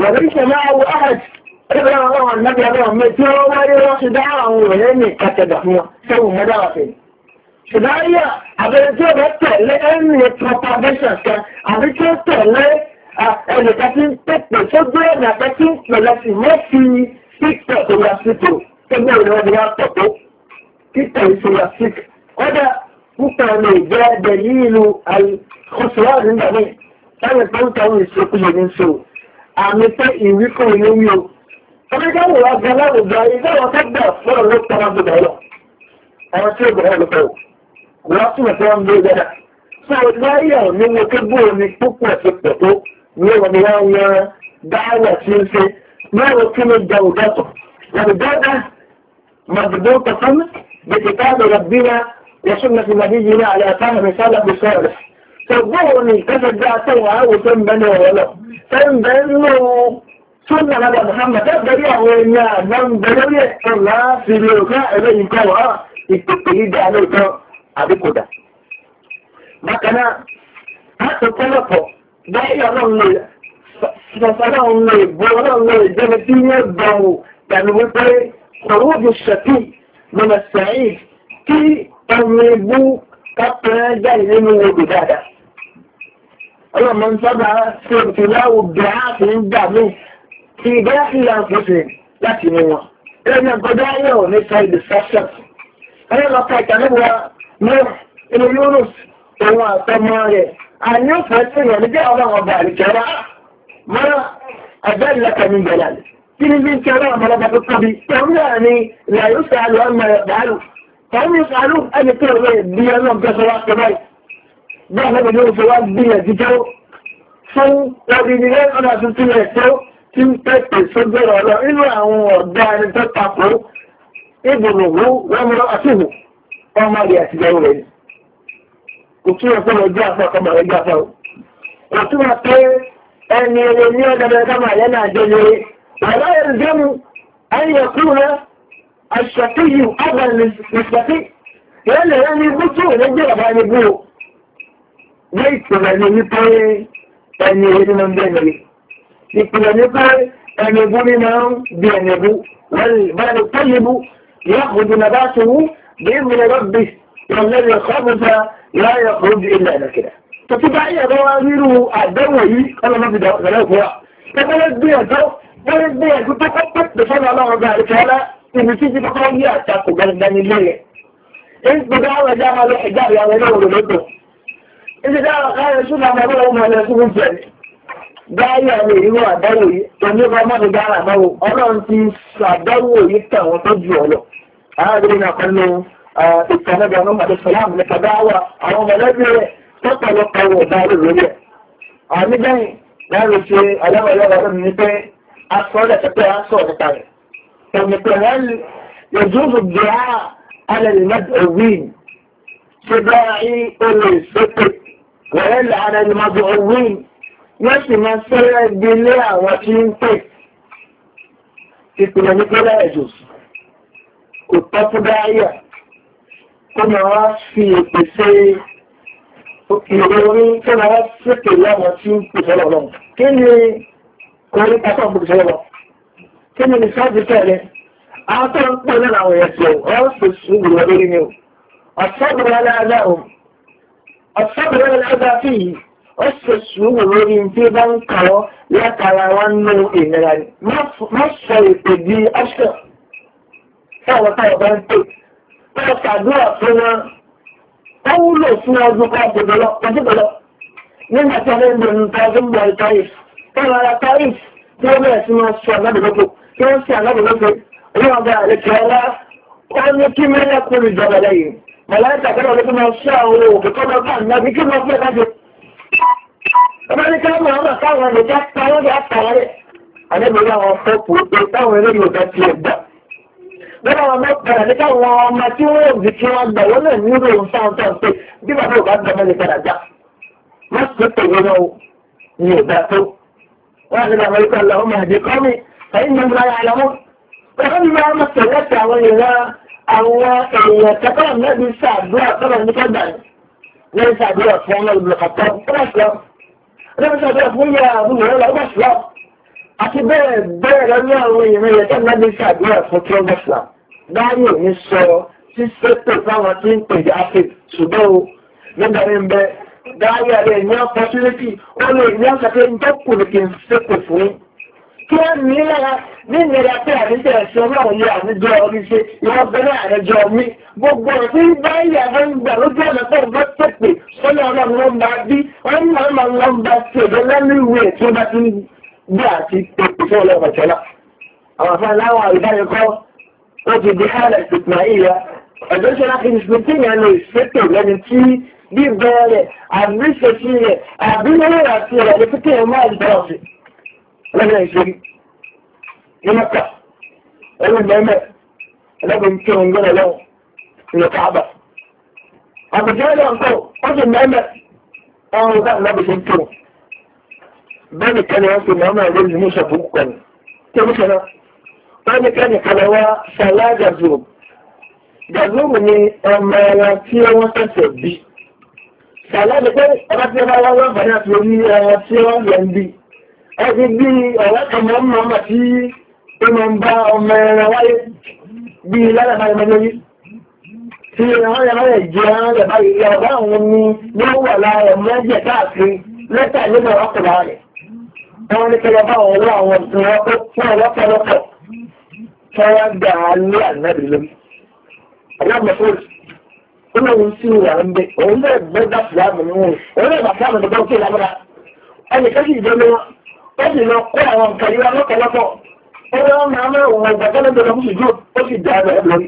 wọ́n rí sọ máa wọ ahàj ẹgbẹ́ àwọn nàbí àwọn mi tí wọ́n wáyé wọ́n ṣe dá àwọn òyìnbó kàtẹ́gbà fún wọn sẹ́wọ̀n mọ́dá wà fẹ́yìn. ṣùgbáyà àbẹ̀rẹ̀ tí ó bẹ tẹ̀lé ẹ̀rìn propagation kan àbí tí ó tẹ̀lé ẹnìkan tí ń pèpè sójú ẹ̀nà àpẹ tí ń pèlè sí mẹ́fì pípẹ̀ tó yà sípò ẹgbẹ́ òní wọn ni wọ́n pọ̀ tó pípẹ̀ tó yà sípò ọ̀dà púpọ̀ ọmọ ìjọ ẹgbẹ́ yìí lu àìkọsọ̀rọ̀ nígbà míì ẹnì tó ń tẹ̀wé ìṣokùnye ní so àmì pé ìwíkọ̀ ìlú yìí o ọmọdé wò wá gan láwùjọ ìjọba tó gbà fún ọ̀rọ̀ tó tọ́ lásìkò tí wọ́n ń gbé dáadáa. Sọ láyé àwọn ní mo kébù omi púpọ̀ ti pọ̀ tó ní wọn ni wọ́n yan dáhùn sí ń ṣe mẹ́rin kí ló da òdà tó. Yàtọ̀ dáadáa màdùdó kọ̀tán bèbè káàdọ̀ rẹ̀bí wa yẹsùn náà ti wà níyì ní àlẹ́ àtàwọn àmì sálà bí sọ̀rọ̀. Sọ̀gbọ́n ni ìkẹ́sẹ̀ dá àtọ̀wọ̀ àwòsàn bẹ́ẹ̀ ni ọ̀rọ̀ lọ. Sẹ́yìn bẹ́ẹ̀ ń lò ó sunna nada muhammad dabbari àwọn èèyàn àwọn bẹ̀rẹ̀ ẹ̀kọ́ láti lè ká ẹ̀rẹ́ ìkọwàá ìpínlẹ̀ ìdá lóòótọ́ àbí kò dà. Bákan náà, láti tẹ́lọ̀pọ̀ báyìí ọlọ́run lè ṣọ̀fọ̀ ọlọ́run lè bọ́ ọlọ́run lè jẹ́ni tí yóò dánwò yàrá wípé ọ̀rọ̀ òjò ṣẹ̀tì lọ́nà sẹ́yìn kí ẹ̀rùn ibú kápẹ́rẹ́ jáde nínú odò dáadáa. Ọlọ́mọ ń sábà ṣe ìtìláwò gíláàsì ń gbà mí ti gíláàsì làǹfọ̀ṣẹ̀ láti mú wọn. Ẹ̀rọ ìgbọ́dọ̀ ayọ̀ ní side discussion. Ẹ̀rọ ìlọ́ta ìtàlẹ́wọ̀ náà inú Yunus òun àtọmọ rẹ̀ àní ó fẹ́ sí ìrọ̀lẹ́ jẹ́ ọ̀rọ̀ ọba àríkẹ́rá mọ́ra àbẹ́lẹ́kẹ̀ ní ìgbẹ̀lẹ̀ kí ni bí ń kẹ́rọ ọmọlọ́gbà tó tóbi pẹ̀lú àní làyúsà lọ ọmọ ẹ̀dàlù pẹ̀lú ìsàlù ẹni tó rẹ̀ bí ọlọ́ gẹ́sọ́wá kẹbàì bí ọlọ́gbà ló fi wá gbìyànjú tó fún láti ní ọ̀nà tuntun rẹ̀ tó tí ń pẹ̀pẹ̀ sógbẹ̀rọ̀ lọ inú àwọn ọ̀dọ́ ẹni tó tapò ìbùnùwú ọmọ rẹ̀ àti ìyàwó rẹ̀ ni. Kò túnbọ̀ pé ọjọ́ àfọ̀ ọkọ màá rẹ̀ àfọ̀. Kò túnbọ̀ pé ẹni ẹni ní ọ̀dọ̀ mẹ́rin ká màá lẹ́nu àjọ ni rẹ̀. Bàbá yẹn ń dẹ́mu ayé kú rẹ̀ aṣọ́tí yìí ọgbà nìṣọ́tí. Ìyá lè rẹ́ ní ibú tí òun jẹ́ bàbá ni bú o. Ní ìpìlẹ̀ ni wípé ẹni ẹni máa bẹ́ẹ̀ nìyí. Ìpìlẹ̀ ni pé ẹni ibú ni máa ń bí ẹni ibú. Wọ́n lè bá جاي من ربي والذي خبث لا يخرج إلا نكدا فتبع إيه دواء أميره الدوي قال ما في دواء ثلاث هو فبلد بيها دواء بلد بيها كنت قطت بصنع الله ذلك هلا إن تيجي تقول يا أتاكو قال داني الليل إنت بدعوة جامعة الحجاب يعني نور الهدو إنت دعوة قال شو ما مروه ما لأسوه الثاني báyà ni irú àdáwò yìí tó ní ọmọ mi dára náà ọlọ́run ti ṣàdáwò yìí tàwọn ààrẹ náà pẹ̀lú ìtànẹ́bẹ̀ àwọn ọmọdé sọ́láàmù nípa dáwà àwọn ọmọlẹ́bí rẹ̀ tó pẹ̀lú pẹ̀lú ọ̀dáàrẹ̀ lórí ẹ̀. àmì bẹ́yìn láàrin ṣe aláwọ̀lọ́wọ̀ lónìí ní pé a sọ ọ́ lẹ́sẹ̀ pé a sọ ọ́ rẹ̀. ẹ̀mí pé wọ́n lè jùlọ bí a alẹ́ lè ṣe dára yí olè sókè wọ́n lè alẹ́ lè mẹ́tò wíìn wọ́n sì máa sẹ́rẹ́ gbélé àwọn tí ń pè. ìpìlẹ̀ ní pé láì kò tọ́ tó dáyà tó máa wá fi ìpèsè ìròrí tó máa wá sépè láwọn tí ń pèsè lọ́wọ́ kí ni orí pápá pèsè lọ́wọ́ kí ni ìsáàjì tẹ̀lé àwọn tó ń pè lọ́nà àwọn èèyàn tó wọ́n sì sùn wùrọ̀ lórí ni o ọ̀sọ́bùrọ̀ aláàlá o ọ̀sọ́bùrọ̀ aláàlá fi yìí ó ṣe sùúrù lórí tí bá ń kàwọ́ látara wọn nú ìnira ni má sọ ìpè di ọ́ṣọ́ táwọn táwọn bá ń pè wọ́n ṣàdúrà fún wọn ó wúlò fún ọdún kan gbòdòlọ ọdúnbòlọ nígbà tí wọ́n ń lò ní tọ́jú bọ̀ ìtọ́yì táwọn ará tọ́yì tí wọ́n bẹ̀rẹ̀ sí máa sọ aládùúgbò tí wọ́n ṣe aládùúgbò olóhùn bá àlejò ọlá ó ní kí mẹ́lẹ̀ kú ìjọba lẹ́yìn mọ̀láìta kọ́lọ́ ló máa ṣọ́ àwọn òkè kọ́lọ́ bá ń lábí kí wọ́n fẹ́ lájọ. ọba ní ká máa wà káwọn ọmọdé táwọn ọmọdé àtàwọn rẹ̀ àlejò àwọn fọ́ọ̀pù táwọn eléyìí ò lọ́wọ́ ọmọ padà ní káwọn ọmọ tí wọ́n rí kí wọ́n gbà wọ́n náà nílò ohun sáwọn sáwọn pé bí bàbá ò bá gbà mọ́ padà já má sì pé lọ́wọ́ ni ò dá tó wọ́n á ní bàbá yìí kọ́ lọ́wọ́ máa dé kọ́ mi ẹ̀yìn mi máa yà lọ́wọ́ ẹ̀yìn mi máa sọ láti àwọn èèyàn àwọn èèyàn kẹ́kọ̀ọ́ àti bẹ́ẹ̀ bẹ́ẹ̀ lọ́wọ́ àwọn èèyàn rẹ̀ tó náà lè ṣàdúrà fún kí wọ́n bá ṣà láàyè òní sọ sí sẹ́tò fáwọn tí ń pè ní afẹ́ ṣùgbọ́n o nígbà rẹ̀ ń bẹ dáyà rẹ̀ ní ọpọtúnítì ó lè ní ọ̀sẹ̀ ń dẹ́kun ní kí n sẹ́tò fún kí wọ́n ní lára ní ìnira pé àníṣe ẹ̀sìn ọlọ́run ní àníjọ orí ṣe ìwọ́n bẹ̀rẹ̀ àrẹjọ mi gbogbo ọ̀sẹ̀ báyà rẹ̀ ń gbà lójú ọ̀nà tó ń tẹ̀pẹ̀ sọ́nà ọlọ́run ló ń bá bí wọ́n máa ń lọ bá ṣèjọ lẹ́nu ìwé tí wọ́n bá ti ń bí àti pèpè fún ọlọ́run ọ̀tọ́lá àwọn afẹ́ aláwọ̀ àrídáyẹkọ́ ó ti di hálẹ̀ ìpìnà ìyá ọ̀dọ́ ṣọlá fi ní pé yẹn lè ṣètò lẹ́ni tí bíbẹ̀ rẹ̀ àbí ṣèṣì rẹ̀ àbí lórí àti rẹ̀ ní pípé yẹn máa gbọ́ ọ̀sẹ̀ lẹ́nu ìṣèlú ní mọ́tà ẹnu bẹ́ẹ̀ ẹlẹ́gbẹ̀ẹ́ tí òun gbọ́dọ̀ lọ́wọ́ ní káàbà àbùjá ẹ̀dọ̀ nǹkan ó sì mẹ́mẹ́ ọ̀run ká báyìí kan ni wọ́n fi màmá rẹ̀ lù ní ìṣọ̀bù pọ̀ ní tẹ́lú kan náà báyìí kan ni kalawa sàlá gazoob gazoob ni ọmọ ẹ̀rọ tí wọ́n ṣẹ̀ṣẹ̀ bí sàlá ni pé ọba tí wọ́n wá wá bàyà tó ní ẹ̀rọ tí wọ́n yẹ ń bí ẹbí bí ọ̀rẹ́ kan mọ́ mọ́ mọ́ tí ó mọ́ ń bá ọmọ ẹ̀rọ wáyé bí lálàbà ọmọ tí wọ́n yẹ báyẹ̀ jẹ́ ọ̀rẹ́ báyìí ọ̀gá àwọn ni ló wà lára ẹ̀mọ́ káàkiri lẹ́tà ìlú mọ̀ ọkùnrin rẹ̀ wọ́n ní kí lọ bá wọn lọ àwọn tí wọ́n tó tí wọ́n lọ́pọ̀lọpọ̀ tí wọ́n gbà á lé ànábì lórí. alámọ̀fóòsì ó lóun sí ìwà ń bẹ òun náà gbé dàpọ̀ láàmú ní wọn òun náà bàtà àmọ̀ tó kí lábúra ẹnì kan sì jẹ́ mi wọn ó sì lọ kó àwọn nǹkan yìí lọ́pọ̀lọpọ̀ ó ní wọn máa máa wọn ìgbà tó lọ́dọ̀ lọ́kùn ṣùgbọ́n ó sì dá ẹ̀rọ lórí.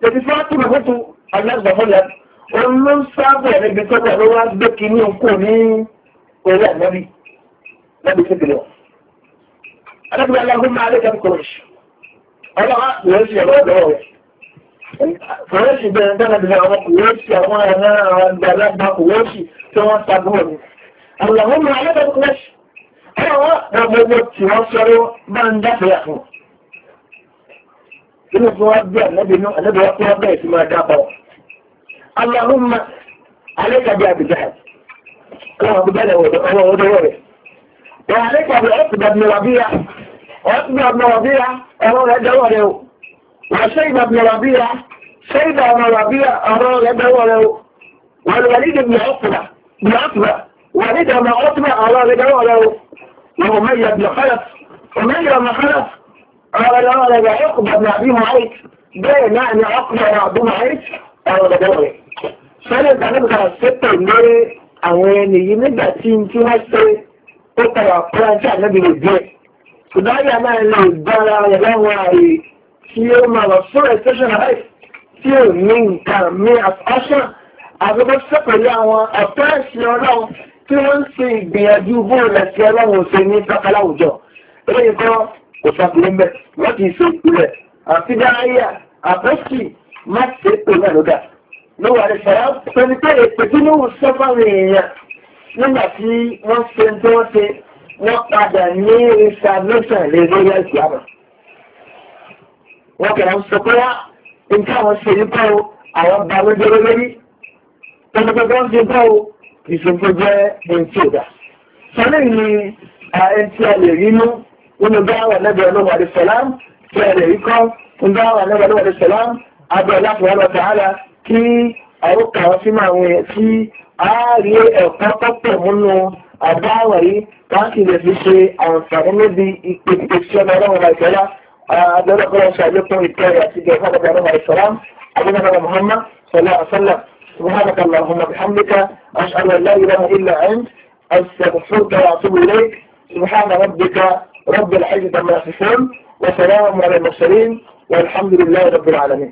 tètè fún àtúnbọ̀ fótó alágbàfọ́lá òun ló ń sábẹ̀ níbi tó lẹ́bi sí ìbílẹ̀. Adébí alágún máa lẹ́kẹ̀ẹ́ kòròṣì. Ọlọ́wà kòròṣì ẹ̀rọ ọ̀dọ́ rẹ̀. Kòròṣì bẹ̀rẹ̀ dára bí àwọn kòròṣì àwọn ẹ̀rọ àgbàlagbà kòròṣì tí wọ́n sagbó rẹ̀. Àlàgún máa lẹ́kẹ̀ẹ́ kòròṣì. Ọlọ́wà na gbogbo tí wọ́n sọ̀rọ̀ máa ń dáfẹ́ àfọ̀. Inú tí wọ́n gbé àlẹ́bí náà àlẹ́bí wọ́n kúrọ́ وعليك بعقبة بن ربيع عقبة بن ربيع أراد دوله وشيبة بن ربيع شيبة بن ربيع أراد دوله والوليد بن عقبة بن عقبة وليد بن عقبة أراد دوله وأمية بن خلف أمية بن خلف أراد عقبة بن أبي معيط بين يعني عقبة وأبو معيط أراد دوله سنة 1906 àwọn ẹni yìí nígbà tí n tí wọ́n ṣe ó padà fúráńtì ànábì lè díẹ̀ ṣùgbọ́n àyà náà lè gbára rẹ̀ láwọn ààyè tí ó máa lọ fún extension life tí ò ní nǹkan mi àfáṣàn àbúkọ́ sí pẹ̀lú àwọn àfẹ́ẹ̀sì ọlọ́run tí wọ́n ń ṣe ìgbìyànjú bóòlù ẹ̀sìn ọlọ́run ṣe ní pápálá àwùjọ eléyìí kọ́ kò sàkùnrin bẹ́ẹ̀ wọ́n ti ṣe ìpìlẹ̀ àti dáhàyà àfẹ́sì má ṣe pẹ̀lú àlọ́dà lówó àdìsàrà pẹ̀lú pé èpè tí ló wù sọ́fà rìn èèyàn nígbà tí wọ́n ṣe tí wọ́n ṣe wọ́n padà ní reservation lè rí ilé ìsìlámù. wọ́n kẹ̀rọ sọ pé wá nǹkan àwọn ṣe ní pẹ́ o àwọn ba ló dúró lórí pẹ̀lúpẹ̀lú ń ṣe pẹ́ o ìṣòfò jẹ́ ohun tí ò dà. sọ́lẹ̀ ni ẹni tí a lè rí mú nínú bá wà lẹ́bẹ̀ẹ́ ọlọ́wọ́ àdìsọ́lám tí a lè rí kọ́ nínú bá wà lẹ́bẹ̀ẹ́ ọlọ́wọ́ àdìsọ́lám abẹ́ láti wà lọ́tà àwọn kan sí máa wọn yẹn tí a rí ẹ̀kọ́ tọ́pọ̀ múnú àdáwà yìí káàkiri lè fi ṣe àǹfààní níbi ìpèsè sí ọmọ ọlọ́run àìsọ́lá àdọ́dọ́ kọ́ lọ́sọ̀ àlékún ìtẹ́rẹ̀ àti ìgbẹ̀fọ́ ọlọ́run àìsọ́lá àdọ́dọ́ Muhammad sallallahu alaihi wasallam سبحانك اللهم بحمدك أشهد أن لا إله إلا أنت أستغفرك وأتوب إليك سبحان ربك رب العزة عما يصفون وسلام على المرسلين والحمد لله رب العالمين